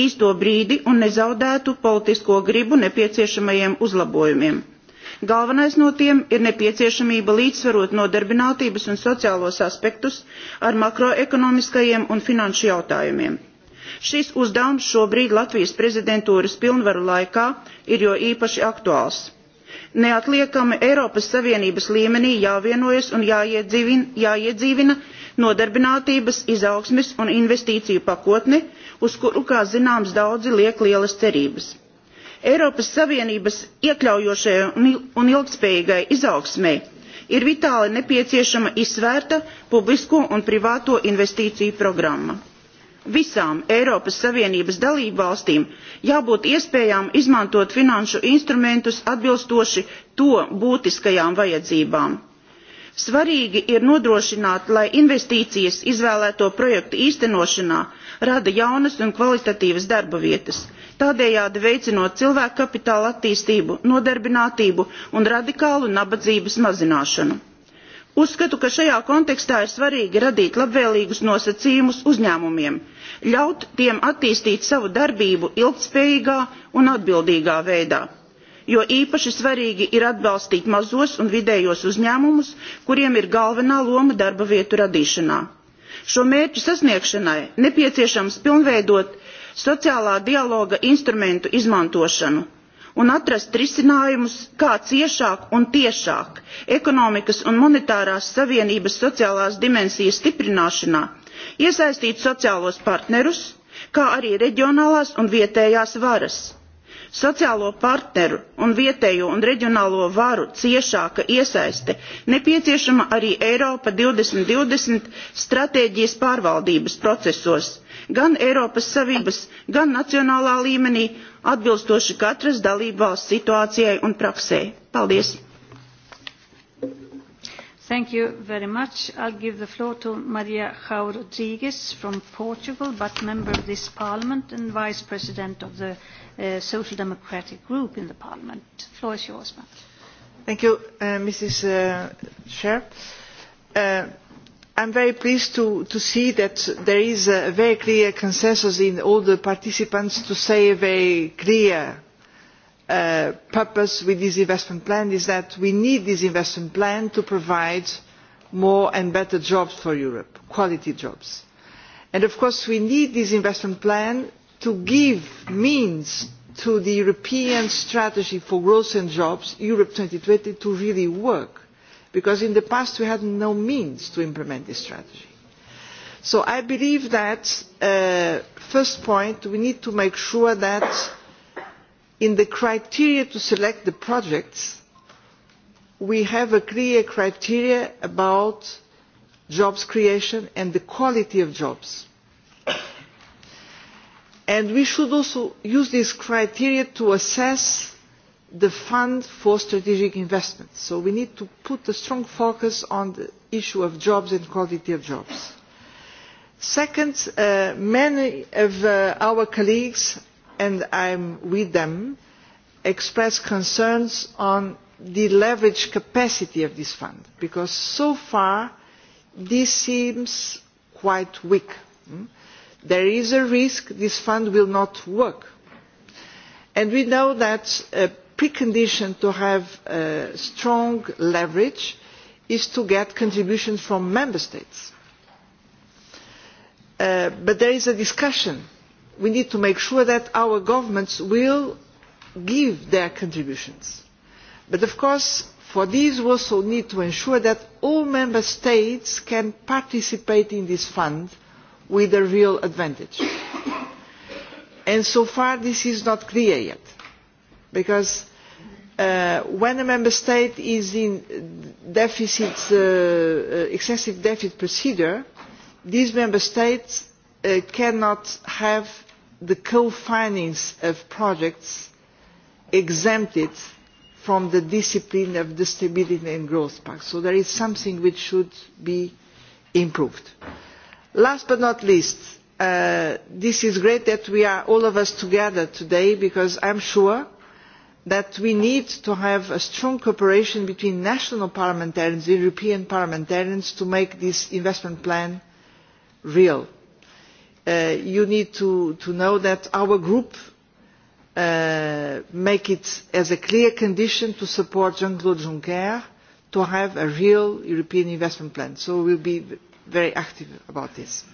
īsto brīdi un nezaudētu politisko gribu nepieciešamajiem uzlabojumiem. Galvenais no tiem ir nepieciešamība līdzsvarot nodarbinātības un sociālos aspektus ar makroekonomiskajiem un finanšu jautājumiem. Šis uzdevums šobrīd Latvijas prezidentūras pilnvaru laikā ir jo īpaši aktuāls neatliekami Eiropas Savienības līmenī jāvienojas un jāiedzīvina, nodarbinātības, izaugsmes un investīciju pakotne, uz kuru, kā zināms, daudzi liek lielas cerības. Eiropas Savienības iekļaujošajai un ilgspējīgai izaugsmai ir vitāli nepieciešama izsvērta publisko un privāto investīciju programma. Visām Eiropas Savienības dalību valstīm jābūt iespējām izmantot finanšu instrumentus atbilstoši to būtiskajām vajadzībām Svarīgi ir nodrošināt, lai investīcijas izvēlēto projektu īstenošanā rada jaunas un kvalitatīvas darba vietas, tādējādi veicinot cilvēku kapitāla attīstību, nodarbinātību un radikālu nabadzības mazināšanu. Uzskatu, ka šajā kontekstā ir svarīgi radīt labvēlīgus nosacījumus uzņēmumiem, ļaut tiem attīstīt savu darbību ilgtspējīgā un atbildīgā veidā jo īpaši svarīgi ir atbalstīt mazos un vidējos uzņēmumus, kuriem ir galvenā loma darba vietu radīšanā. Šo mērķu sasniegšanai nepieciešams pilnveidot sociālā dialoga instrumentu izmantošanu un atrast risinājumus, kā ciešāk un tiešāk ekonomikas un monetārās savienības sociālās dimensijas stiprināšanā iesaistīt sociālos partnerus, kā arī reģionālās un vietējās varas sociālo partneru un vietējo un reģionālo varu ciešāka iesaiste nepieciešama arī Eiropa 2020 stratēģijas pārvaldības procesos, gan Eiropas savības, gan nacionālā līmenī, atbilstoši katras dalībvalsts situācijai un praksē. Paldies! Thank you very much. I'll give the floor to Maria João Rodriguez from Portugal, but member of this parliament and vice president of the Social Democratic group in the Parliament. The floor is yours, ma'am. Thank you, uh, Mrs. Uh, Chair. Uh, I'm very pleased to, to see that there is a very clear consensus in all the participants to say a very clear uh, purpose with this investment plan is that we need this investment plan to provide more and better jobs for Europe, quality jobs. And of course we need this investment plan to give means to the European strategy for growth and jobs, Europe twenty to really work. Because in the past we had no means to implement this strategy. So I believe that, first point, we need to make sure that in the criteria to select the projects, we have a clear criteria about jobs creation and the quality of jobs and we should also use this criteria to assess the fund for strategic Investment, So we need to put a strong focus on the issue of jobs and quality of jobs. Second, many of our colleagues, and I am with them, expressed concerns on the leverage capacity of this fund, because so far this seems quite weak there is a risk this fund will not work. And we know that a precondition to have strong leverage is to get contributions from member states. but there is a discussion. We need to make sure that our governments will give their contributions. But of course, for this we also need to ensure that all member states can participate in this fund with a real advantage. And so far this is not clear yet, because when a member state is in deficit, excessive deficit procedure, these member states cannot have the co-finance of projects exempted from the discipline of the Stability and Growth Pact. So there is something which should be improved. Uh, last but not least this is great that we are all of us together today because i am sure that we need to have a strong cooperation between national parliamentarians and european parliamentarians to make this investment plan real. you need to know that our group makes it as a clear condition to support jean claude juncker to have a real european investment plan so we will be very active about this.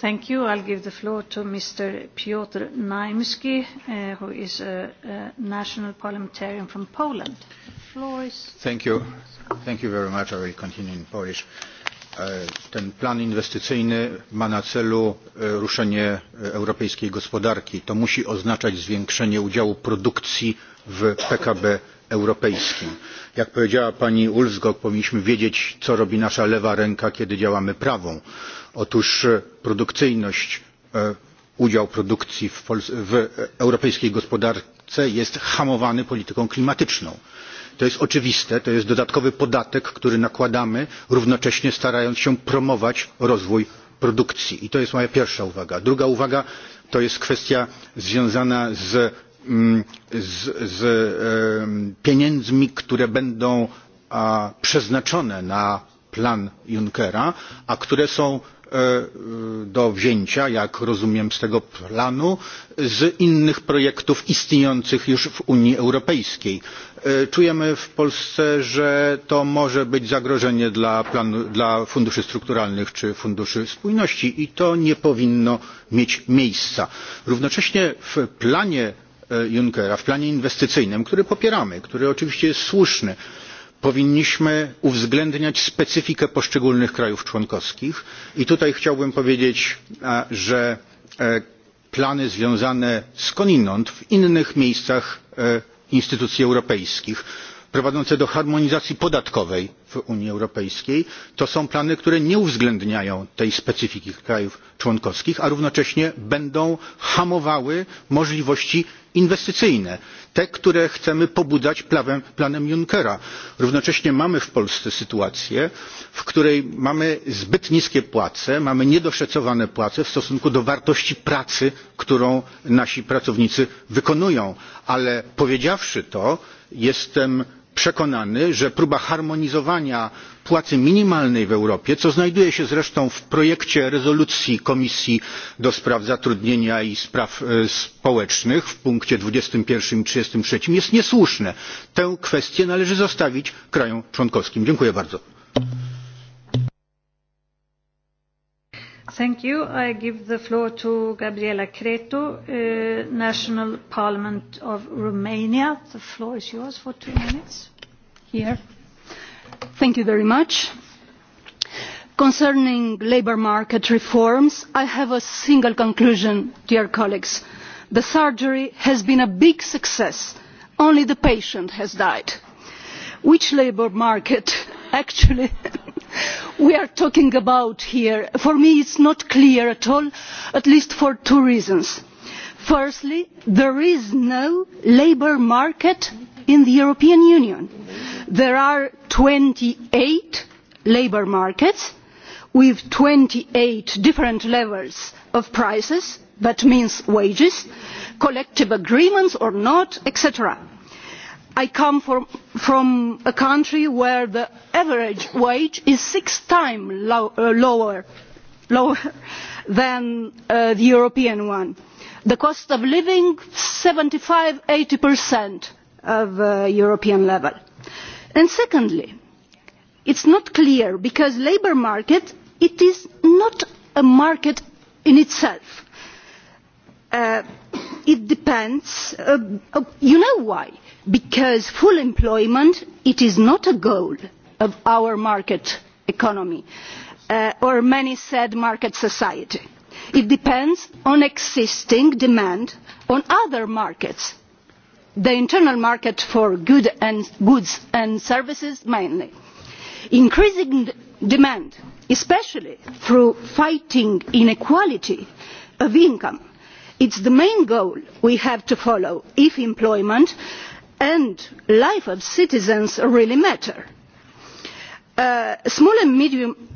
Thank you. I'll give the floor to Mr. Piotr Naimski, uh, who is a, a national parliamentarian from Poland. The floor is... Thank you. Thank you very much. I will continue in Polish. Ten plan inwestycyjny ma na celu ruszenie europejskiej gospodarki. To musi oznaczać zwiększenie udziału produkcji w PKB europejskim. jak powiedziała pani ulvskog powinniśmy wiedzieć co robi nasza lewa ręka kiedy działamy prawą. otóż produkcyjność udział produkcji w europejskiej gospodarce jest hamowany polityką klimatyczną. to jest oczywiste to jest dodatkowy podatek który nakładamy równocześnie starając się promować rozwój produkcji i to jest moja pierwsza uwaga. druga uwaga to jest kwestia związana z z pieniędzmi które będą przeznaczone na plan junckera a które są do wzięcia jak rozumiem z tego planu z innych projektów istniejących już w unii europejskiej. czujemy w polsce że to może być zagrożenie dla funduszy strukturalnych czy funduszy spójności i to nie powinno mieć miejsca. równocześnie w planie junckera w planie inwestycyjnym który popieramy który oczywiście jest słuszny powinniśmy uwzględniać specyfikę poszczególnych krajów członkowskich i tutaj chciałbym powiedzieć że plany związane skądinąd w innych miejscach instytucji europejskich prowadzące do harmonizacji podatkowej w unii europejskiej to są plany które nie uwzględniają tej specyfiki krajów członkowskich a równocześnie będą hamowały możliwości inwestycyjne te które chcemy pobudzać planem junckera. równocześnie mamy w polsce sytuację w której mamy zbyt niskie płace mamy niedoszacowane płace w stosunku do wartości pracy którą nasi pracownicy wykonują ale powiedziawszy to jestem przekonany że próba harmonizowania płacy minimalnej w europie co znajduje się zresztą w projekcie rezolucji komisji do spraw zatrudnienia i spraw społecznych w punkcie dwadzieścia jeden i trzydzieści trzy jest niesłuszne. tę kwestię należy zostawić krajom członkowskim. dziękuję bardzo. Thank you. I give the floor to Gabriela Creto, uh, National Parliament of Romania. The floor is yours for two minutes. Here. Thank you very much. Concerning labour market reforms, I have a single conclusion, dear colleagues. The surgery has been a big success. Only the patient has died. Which labour market actually we are talking about here for me it is not clear at all at least for two reasons. firstly there is no labour market in the european union. there are twenty eight labour markets with twenty eight different levels of prices that means wages collective agreements or not etc i come from a country where the average wage is six times lower than the european one the cost of living seventy five to eighty of the european level. secondly it is not clear because the labour market is not a market in itself it depends you know why because full employment is not a goal of our market economy or many said market society it depends on existing demand on other markets the internal market for goods and services mainly. increasing demand especially through fighting inequality of income it is the main goal we have to follow if employment and the life of citizens really matter. small and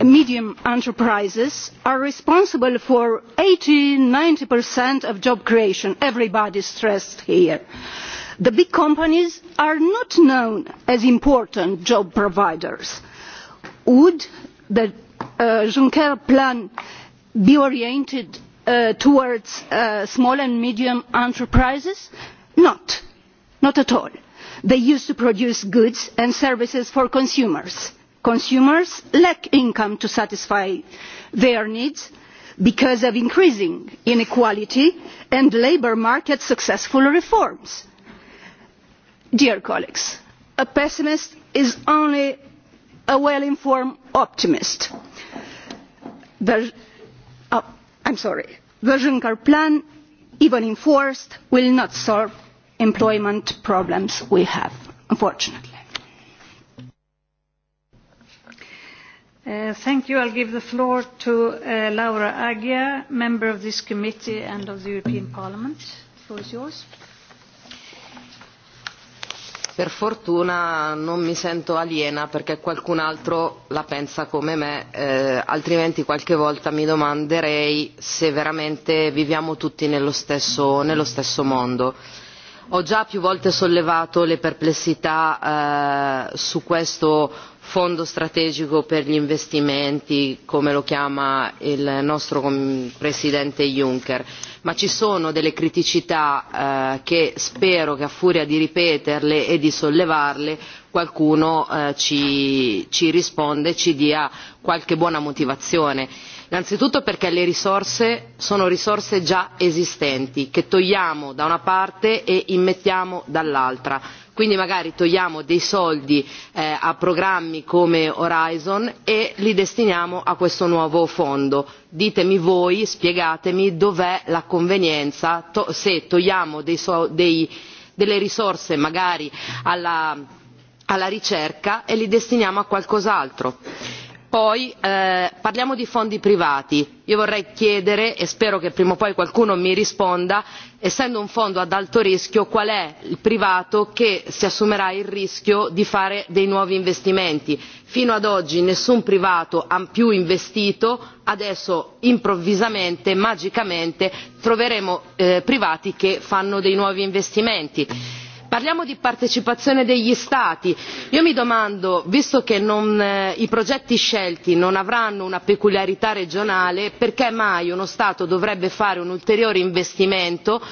medium enterprises are responsible for eighty ninety of job creation everybody stressed here. the big companies are not known as important job providers. would the juncker plan be oriented towards small and medium enterprises? not at all. they used to produce goods and services for consumers. consumers lack income to satisfy their needs because of increasing inequality and labour market successful reforms. dear colleagues a pessimist is only a well informed optimist i am sorry the juncker plan even enforced will not solve the employment problems we have unfortunately. thank you. i will give the floor to uh laura agia member of this committee and of the european parliament. the floor is yours per fortuna non mi sento aliena perché qualcun altro la pensa come me, eh, altrimenti qualche volta mi domanderei se veramente viviamo tutti nello stesso, nello stesso mondo. Ho già più volte sollevato le perplessità eh, su questo fondo strategico per gli investimenti come lo chiama il nostro presidente juncker ma ci sono delle criticità che spero che a furia di ripeterle e di sollevarle qualcuno ci risponda e ci dia qualche buona motivazione innanzitutto perché le risorse sono risorse già esistenti che togliamo da una parte e immettiamo dall'altra quindi magari togliamo dei soldi a programmi come horizon e li destiniamo a questo nuovo fondo ditemi voi spiegatemi dov'è la convenienza se togliamo delle risorse magari alla ricerca e le destiniamo a qualcos'altro poi parliamo di fondi privati io vorrei chiedere e spero che prima o poi qualcuno mi risponda essendo un fondo ad alto rischio qual è il privato che si assumerà il rischio di fare dei nuovi investimenti fino ad oggi nessun privato ha più investito adesso improvvisamente magicamente troveremo privati che fanno dei nuovi investimenti parliamo di partecipazione degli stati io mi domando visto che i progetti scelti non avranno una peculiarità regionale perché mai uno stato dovrebbe fare un ulteriore investimento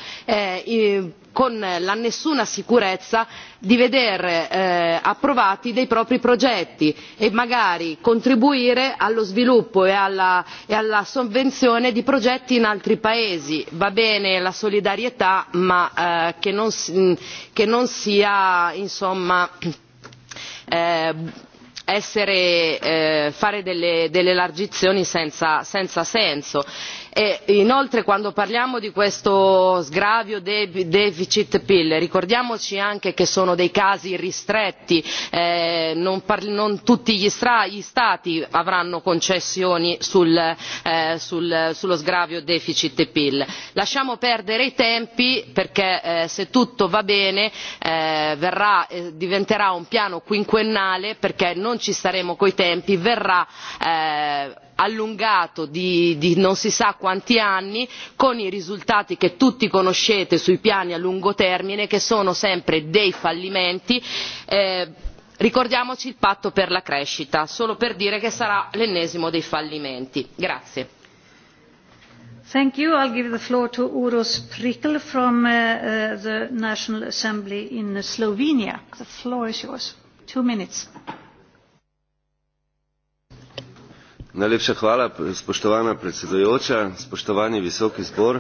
con la nessuna sicurezza di veder approvati dei propri progetti e magari contribuire allo sviluppo e alla sovvenzione di progetti in altri paesi. va bene la solidarietà ma che non sia insomma fare delle elargizioni senza senso e inoltre quando parliamo di questo sgravio deficit pil ricordiamoci anche che sono dei casi ristretti non tutti gli stati avranno concessioni sullo sgravio deficit pil. lasciamo perdere i tempi perché se tutto va bene diventerà un piano quinquennale perché non ci staremo coi tempi verrà allungato di non si sa quanti anni con i risultati che tutti conoscete sui piani a lungo termine che sono sempre dei fallimenti ricordiamoci il patto per la crescita solo per dire che sarà l'ennesimo dei fallimenti. Najlepša hvala, spoštovana predsedujoča, spoštovani visoki zbor.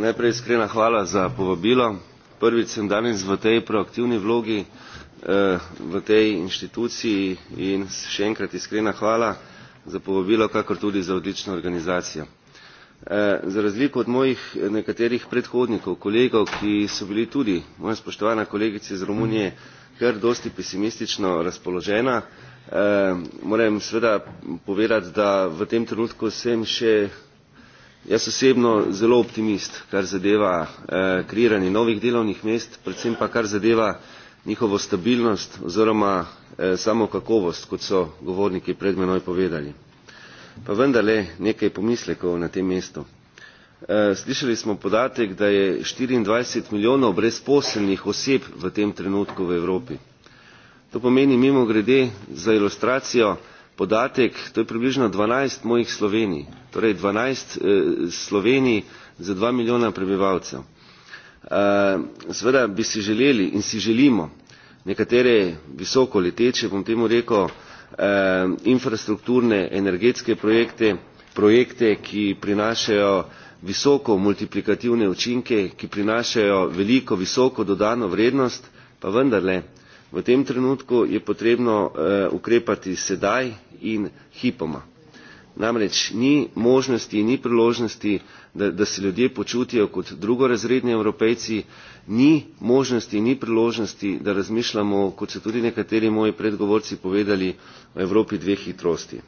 Najprej iskrena hvala za povabilo. Prvič sem danes v tej proaktivni vlogi v tej inštituciji in še enkrat iskrena hvala za povabilo, kakor tudi za odlično organizacijo. Za razliko od mojih nekaterih predhodnikov, kolegov, ki so bili tudi, moja spoštovana kolegica iz Romunije, kar dosti pesimistično razpoložena, moram seveda povedati, da v tem trenutku sem še jaz osebno zelo optimist, kar zadeva kreiranje novih delovnih mest, predvsem pa kar zadeva njihovo stabilnost oziroma samo kakovost, kot so govorniki pred menoj povedali. Pa vendarle nekaj pomislekov na tem mestu. Slišali smo podatek, da je 24 milijonov brezposelnih oseb v tem trenutku v Evropi To pomeni mimo grede za ilustracijo podatek, to je približno 12 mojih Slovenij, torej 12 eh, Slovenij za 2 milijona prebivalcev. Eh, Sveda bi si želeli in si želimo nekatere visoko leteče, bom temu rekel, eh, infrastrukturne, energetske projekte, projekte, ki prinašajo visoko multiplikativne učinke, ki prinašajo veliko, visoko dodano vrednost, pa vendarle V tem trenutku je potrebno ukrepati sedaj in hipoma. Namreč ni možnosti, ni priložnosti, da, da se ljudje počutijo kot drugorazredni evropejci, ni možnosti, ni priložnosti, da razmišljamo, kot so tudi nekateri moji predgovorci povedali, o Evropi dveh hitrosti.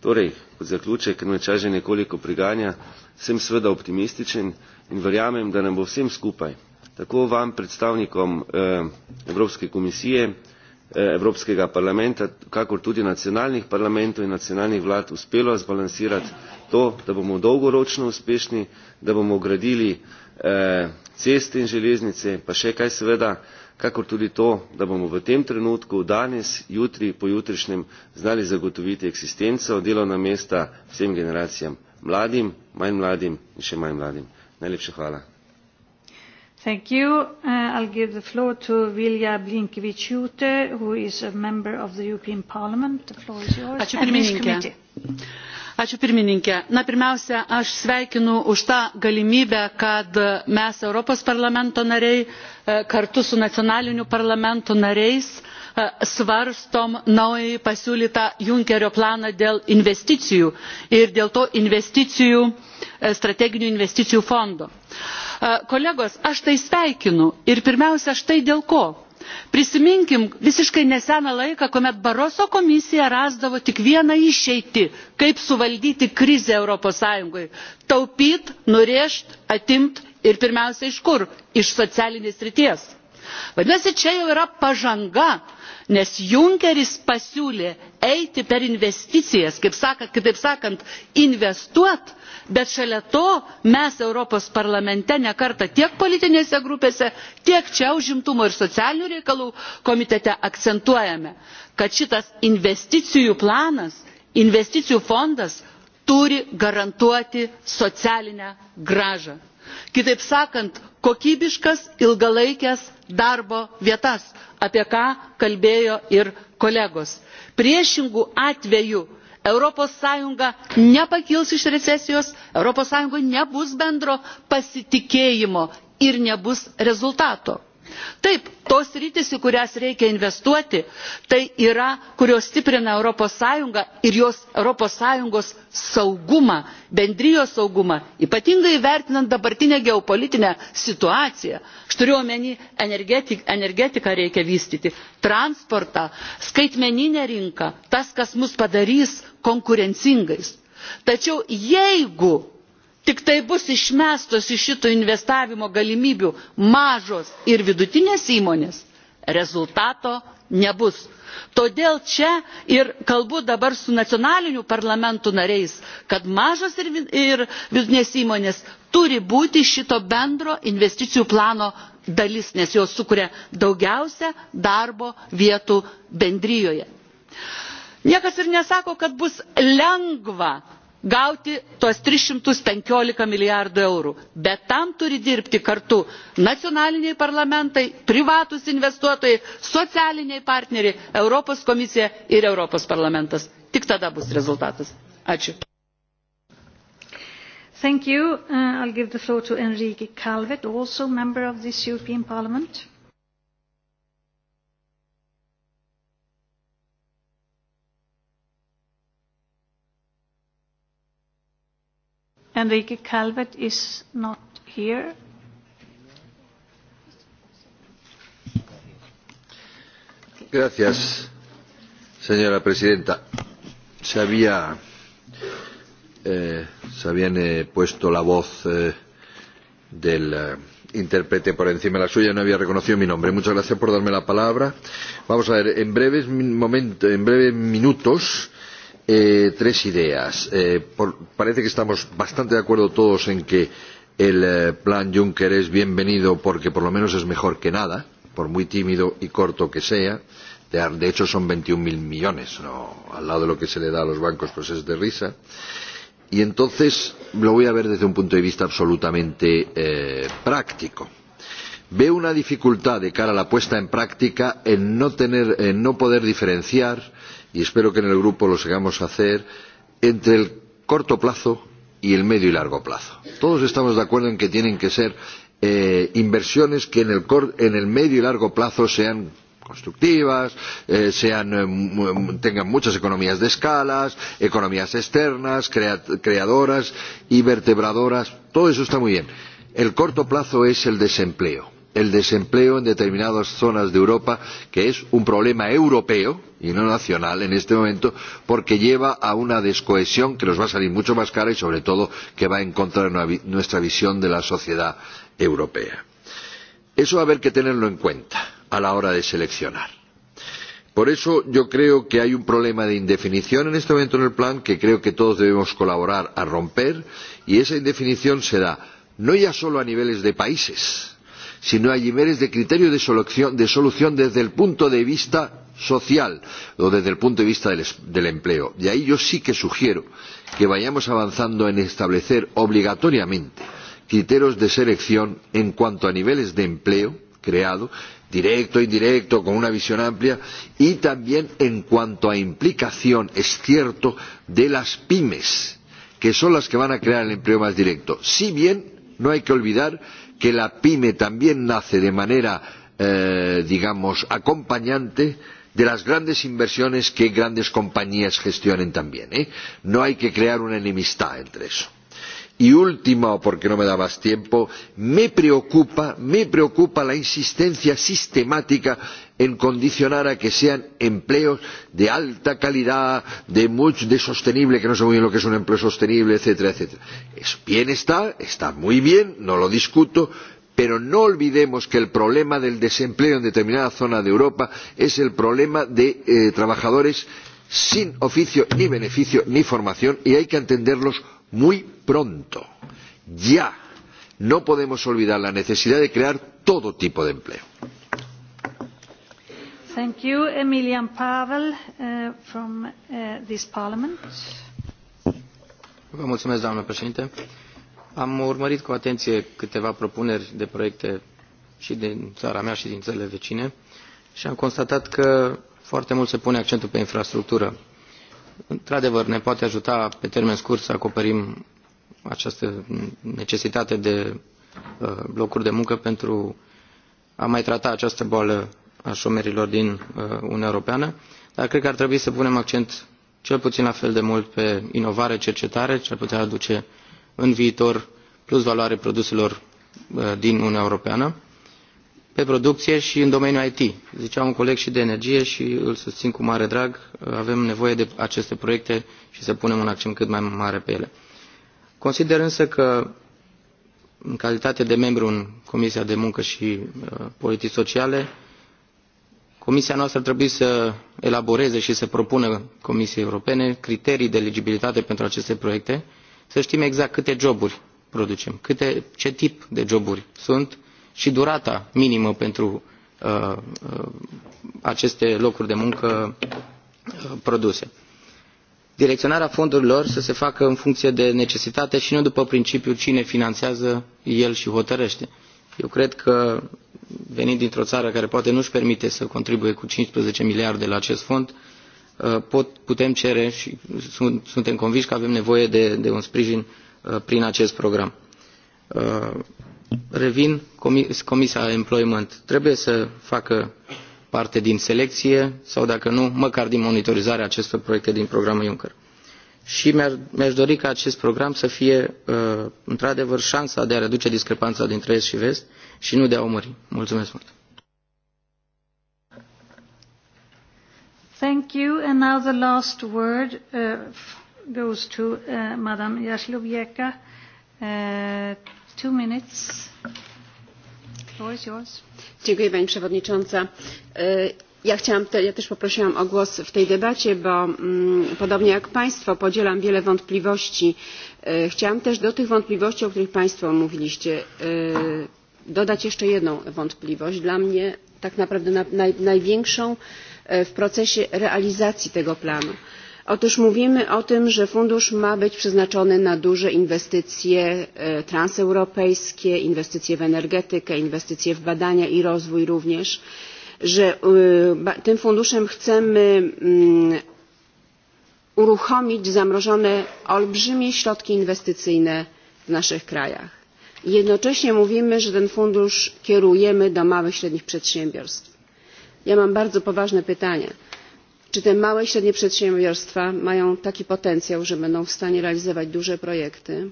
Torej, kot zaključek, ker me čas že nekoliko priganja, sem seveda optimističen in verjamem, da nam bo vsem skupaj, tako vam predstavnikom Evropske komisije, Evropskega parlamenta, kakor tudi nacionalnih parlamentov in nacionalnih vlad uspelo zbalansirati to, da bomo dolgoročno uspešni, da bomo gradili ceste in železnice, pa še kaj seveda, kakor tudi to, da bomo v tem trenutku danes, jutri, pojutrišnjem znali zagotoviti eksistenco, delovna mesta vsem generacijam, mladim, manj mladim in še manj mladim. Najlepša hvala. Thank you. I'll give the floor to Vilja who is a member of the European Parliament. The floor is yours. Ačiū pirmininkė. Ačiū pirmininkė. Na, pirmiausia, aš sveikinu už tą galimybę, kad mes Europos parlamento nariai kartu su nacionaliniu parlamento nariais svarstom naująjį pasiūlytą Junkerio planą dėl investicijų ir dėl to investicijų, strateginių investicijų fondo Kolegos, aš tai sveikinu ir pirmiausia, aš tai dėl ko? Prisiminkim visiškai neseną laiką, kuomet Baroso komisija rasdavo tik vieną išeitį, kaip suvaldyti krizę Europos Sąjungoje. Taupyt, nurėžti atimti ir pirmiausia iš kur? Iš socialinės srities vadinasi čia jau yra pažanga nes junkeris pasiūlė eiti per investicijas kitaip sakant investuoti bet šalia to mes europos parlamente ne kartą tiek politinėse grupėse tiek čia užimtumo ir socialinių reikalų komitete akcentuojame kad šitas investicijų planas investicijų fondas turi garantuoti socialinę grąžą kitaip sakant kokybiškas ilgalaikes darbo vietas apie ką kalbėjo ir kolegos. priešingu atveju europos sąjunga nepakils iš recesijos europos sąjungoje nebus bendro pasitikėjimo ir nebus rezultato. Taip, tos sritys į kurias reikia investuoti, tai yra, kurios stiprina Europos Sąjungą ir jos Europos Sąjungos saugumą, bendrijos saugumą, ypatingai vertinant dabartinę geopolitinę situaciją. Aš turiu omeny, energetiką reikia vystyti, transportą, skaitmeninę rinką, tas, kas mus padarys konkurencingais. Tačiau jeigu tik tai bus išmestos iš šito investavimo galimybių mažos ir vidutinės įmonės, rezultato nebus. Todėl čia ir kalbu dabar su nacionalinių parlamentų nariais, kad mažos ir vidutinės įmonės turi būti šito bendro investicijų plano dalis, nes jos sukuria daugiausia darbo vietų bendryjoje. Niekas ir nesako, kad bus lengva gauti tuos tris šimtus penkiolika milijardų eurų bet tam turi dirbti kartu nacionaliniai parlamentai privatūs investuotojai socialiniai partneriai europos komisija ir europos parlamentas tik tada bus rezultatas. ačiū. Thank you. Uh, I'll give the floor to Enrique Calvet, also member of this European Parliament. Enrique Calvet is not here. Gracias, señora presidenta. Se había se habían puesto la voz del intérprete por encima de la suya, no había reconocido mi nombre. Muchas gracias por darme la palabra. Vamos a ver, en breves, en breves minutos tres ideas. parece que estamos bastante de acuerdo todos en que el plan Juncker es bienvenido porque por lo menos es mejor que nada, por muy tímido y corto que sea. De, hecho, son 21.000 millones, ¿no? al lado de lo que se le da a los bancos, pues es de risa. Y entonces lo voy a ver desde un punto de vista absolutamente eh, práctico. Veo una dificultad de cara a la puesta en práctica en no, tener, en no poder diferenciar eh, y espero que en el grupo lo sigamos hacer entre el corto plazo y el medio y largo plazo. Todos estamos de acuerdo en que tienen que ser inversiones que en el, medio y largo plazo sean constructivas, tengan muchas economías de escalas, economías externas, creadoras y vertebradoras. Todo eso está muy bien. El corto plazo es el desempleo el desempleo en determinadas zonas de Europa, que es un problema europeo y no nacional en este momento, porque lleva a una descohesión que nos va a salir mucho más cara y, sobre todo, que va en contra de nuestra visión de la sociedad europea. Eso va a haber que tenerlo en cuenta a la hora de seleccionar. Por eso yo creo que hay un problema de indefinición en este momento en el plan que creo que todos debemos colaborar a romper y esa indefinición se da no ya solo a niveles de países, sino a niveles de criterio de solución desde el punto de vista social o desde el punto de vista del empleo. y ahí yo sí que sugiero que vayamos avanzando en establecer obligatoriamente criterios de selección en cuanto a niveles de empleo creado directo, indirecto, con una visión amplia, y también en cuanto a implicación, es cierto, de las pymes, que son las que van a crear el empleo más directo. Si bien no hay que olvidar que la pyme también nace de manera, digamos, acompañante de las grandes inversiones que grandes compañías gestionen también. No hay que crear una enemistad entre eso. Y último, porque no me da más tiempo, me preocupa, me preocupa la insistencia sistemática en condicionar a que sean empleos de alta calidad, de, sostenible, que no sé muy bien lo que es un empleo sostenible, etcétera, etcétera. bien está, está muy bien, no lo discuto, pero no olvidemos que el problema del desempleo en determinada zona de Europa es el problema de trabajadores sin oficio, ni beneficio, ni formación, y hay que entenderlos muy pronto, ya. No podemos olvidar la necesidad de crear todo tipo de empleo. Thank you. Emilian Pavel from this parliament. Vă mulțumesc, doamnă președinte. Am urmărit cu atenție câteva propuneri de proiecte și din țara mea și din țările vecine și am constatat că foarte mult se pune accentul pe infrastructură. Într-adevăr, ne poate ajuta pe termen scurt să acoperim această necesitate de locuri de muncă pentru a mai trata această boală a șomerilor din Uniunea Europeană, dar cred că ar trebui să punem accent cel puțin la fel de mult pe inovare, cercetare, ce ar putea aduce în viitor plus valoare produselor din Uniunea Europeană, pe producție și în domeniul IT. Zicea un coleg și de energie și îl susțin cu mare drag. Avem nevoie de aceste proiecte și să punem un accent cât mai mare pe ele. Consider însă că în calitate de membru în Comisia de Muncă și Politici Sociale, Comisia noastră ar trebui să elaboreze și să propună Comisiei Europene criterii de eligibilitate pentru aceste proiecte, să știm exact câte joburi producem, câte, ce tip de joburi sunt și durata minimă pentru uh, uh, aceste locuri de muncă uh, produse. Direcționarea fondurilor să se facă în funcție de necesitate și nu după principiul cine finanțează, el și hotărăște. Eu cred că venit dintr-o țară care poate nu-și permite să contribuie cu 15 miliarde la acest fond, pot, putem cere și sunt, suntem convinși că avem nevoie de, de un sprijin prin acest program. Revin, Comisia Employment trebuie să facă parte din selecție sau, dacă nu, măcar din monitorizarea acestor proiecte din programul Juncker și mi-aș dori ca acest program să fie uh, într-adevăr șansa de a reduce discrepanța dintre est și vest și nu de a o mări. Mulțumesc mult! Thank you. And now the last word uh, goes to uh, Madame Jaslowiecka. Uh, two minutes. The floor is yours. Dziękuję Pani Przewodnicząca Ja chciałam, ja też poprosiłam o głos w tej debacie, bo podobnie jak Państwo podzielam wiele wątpliwości. Chciałam też do tych wątpliwości, o których Państwo mówiliście, dodać jeszcze jedną wątpliwość. Dla mnie tak naprawdę największą w procesie realizacji tego planu. Otóż mówimy o tym, że fundusz ma być przeznaczony na duże inwestycje transeuropejskie, inwestycje w energetykę, inwestycje w badania i rozwój również że tym funduszem chcemy uruchomić zamrożone olbrzymie środki inwestycyjne w naszych krajach. Jednocześnie mówimy, że ten fundusz kierujemy do małych i średnich przedsiębiorstw. Ja mam bardzo poważne pytanie. Czy te małe i średnie przedsiębiorstwa mają taki potencjał, że będą w stanie realizować duże projekty?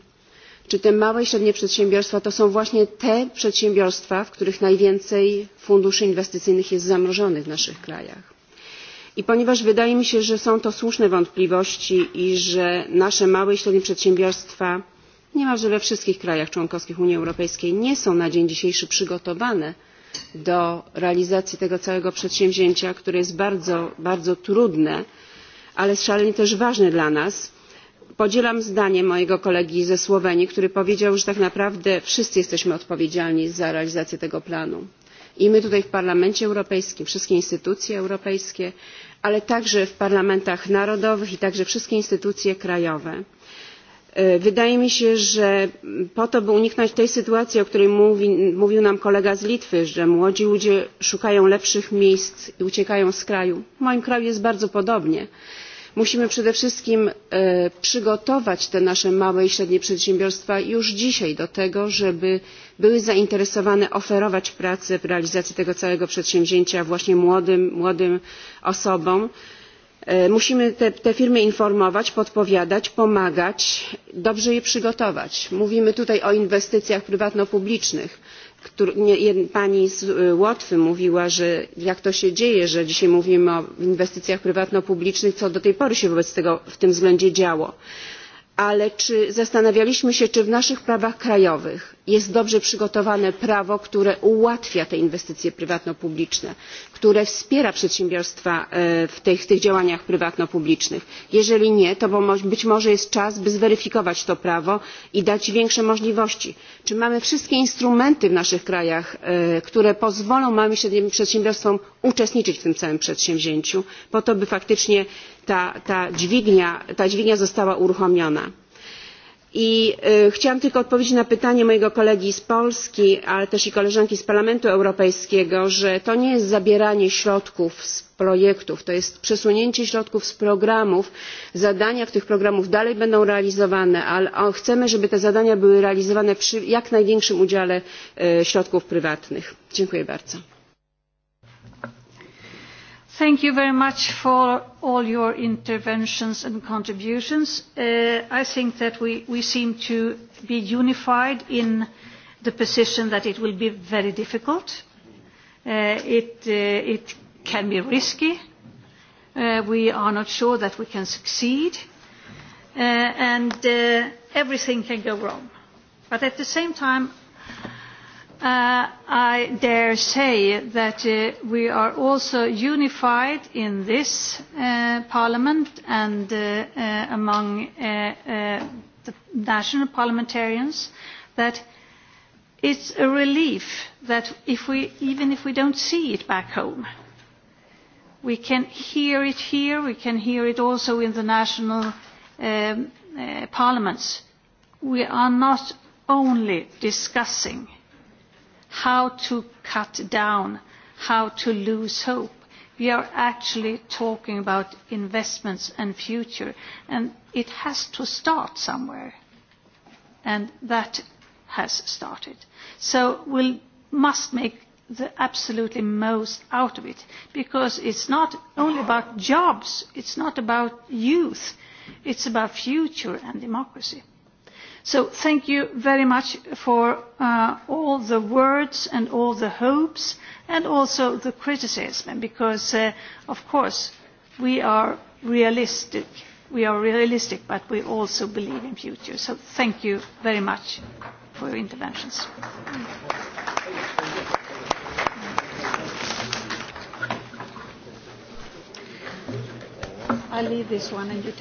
czy te małe i średnie przedsiębiorstwa to są właśnie te przedsiębiorstwa, w których najwięcej funduszy inwestycyjnych jest zamrożonych w naszych krajach. I ponieważ wydaje mi się, że są to słuszne wątpliwości i że nasze małe i średnie przedsiębiorstwa niemalże we wszystkich krajach członkowskich Unii Europejskiej nie są na dzień dzisiejszy przygotowane do realizacji tego całego przedsięwzięcia, które jest bardzo, bardzo trudne, ale szalenie też ważne dla nas, podzielam zdanie mojego kolegi ze słowenii który powiedział że tak naprawdę wszyscy jesteśmy odpowiedzialni za realizację tego planu i my tutaj w parlamencie europejskim wszystkie instytucje europejskie ale także w parlamentach narodowych i także wszystkie instytucje krajowe. wydaje mi się że po to by uniknąć tej sytuacji o której mówił nam kolega z litwy że młodzi ludzie szukają lepszych miejsc i uciekają z kraju w moim kraju jest bardzo podobnie musimy przede wszystkim przygotować te nasze małe i średnie przedsiębiorstwa już dzisiaj do tego żeby były zainteresowane oferować pracę w realizacji tego całego przedsięwzięcia właśnie młodym osobom. musimy te firmy informować podpowiadać pomagać dobrze je przygotować. mówimy tutaj o inwestycjach prywatno publicznych pani z Łotwy mówiła, że jak to się dzieje, że dzisiaj mówimy o inwestycjach prywatno-publicznych, co do tej pory się wobec tego w tym względzie działo. Ale czy zastanawialiśmy się, czy w naszych prawach krajowych jest dobrze przygotowane prawo które ułatwia te inwestycje prywatno publiczne które wspiera przedsiębiorstwa w tych działaniach prywatno publicznych. jeżeli nie to być może jest czas by zweryfikować to prawo i dać większe możliwości. czy mamy wszystkie instrumenty w naszych krajach które pozwolą małym i średnim przedsiębiorstwom uczestniczyć w tym całym przedsięwzięciu po to by faktycznie ta dźwignia została uruchomiona? I chciałam tylko odpowiedzieć na pytanie mojego kolegi z Polski, ale też i koleżanki z Parlamentu Europejskiego, że to nie jest zabieranie środków z projektów, to jest przesunięcie środków z programów. Zadania w tych programach dalej będą realizowane, ale chcemy, żeby te zadania były realizowane przy jak największym udziale środków prywatnych. Dziękuję bardzo. Thank you very much for all your interventions and contributions. I think that we we seem to be unified in the position that it will be very difficult. It can be risky. We are not sure that we can succeed. And everything can go wrong. But at the same time, I dare say that we are also unified in this parliament and among the national parliamentarians that it's a relief that if we, even if we don't see it back home, we can hear it here, we can hear it also in the national parliaments. We are not only discussing how to cut down, how to lose hope. We are actually talking about investments and future, and it has to start somewhere, and that has started. So we must make the absolutely most out of it because it's not only about jobs, it's not about youth, it's about future and democracy. So thank you very much for uh, all the words and all the hopes and also the criticism because, uh, of course, we are realistic. We are realistic, but we also believe in future. So thank you very much for your interventions. I leave this one and you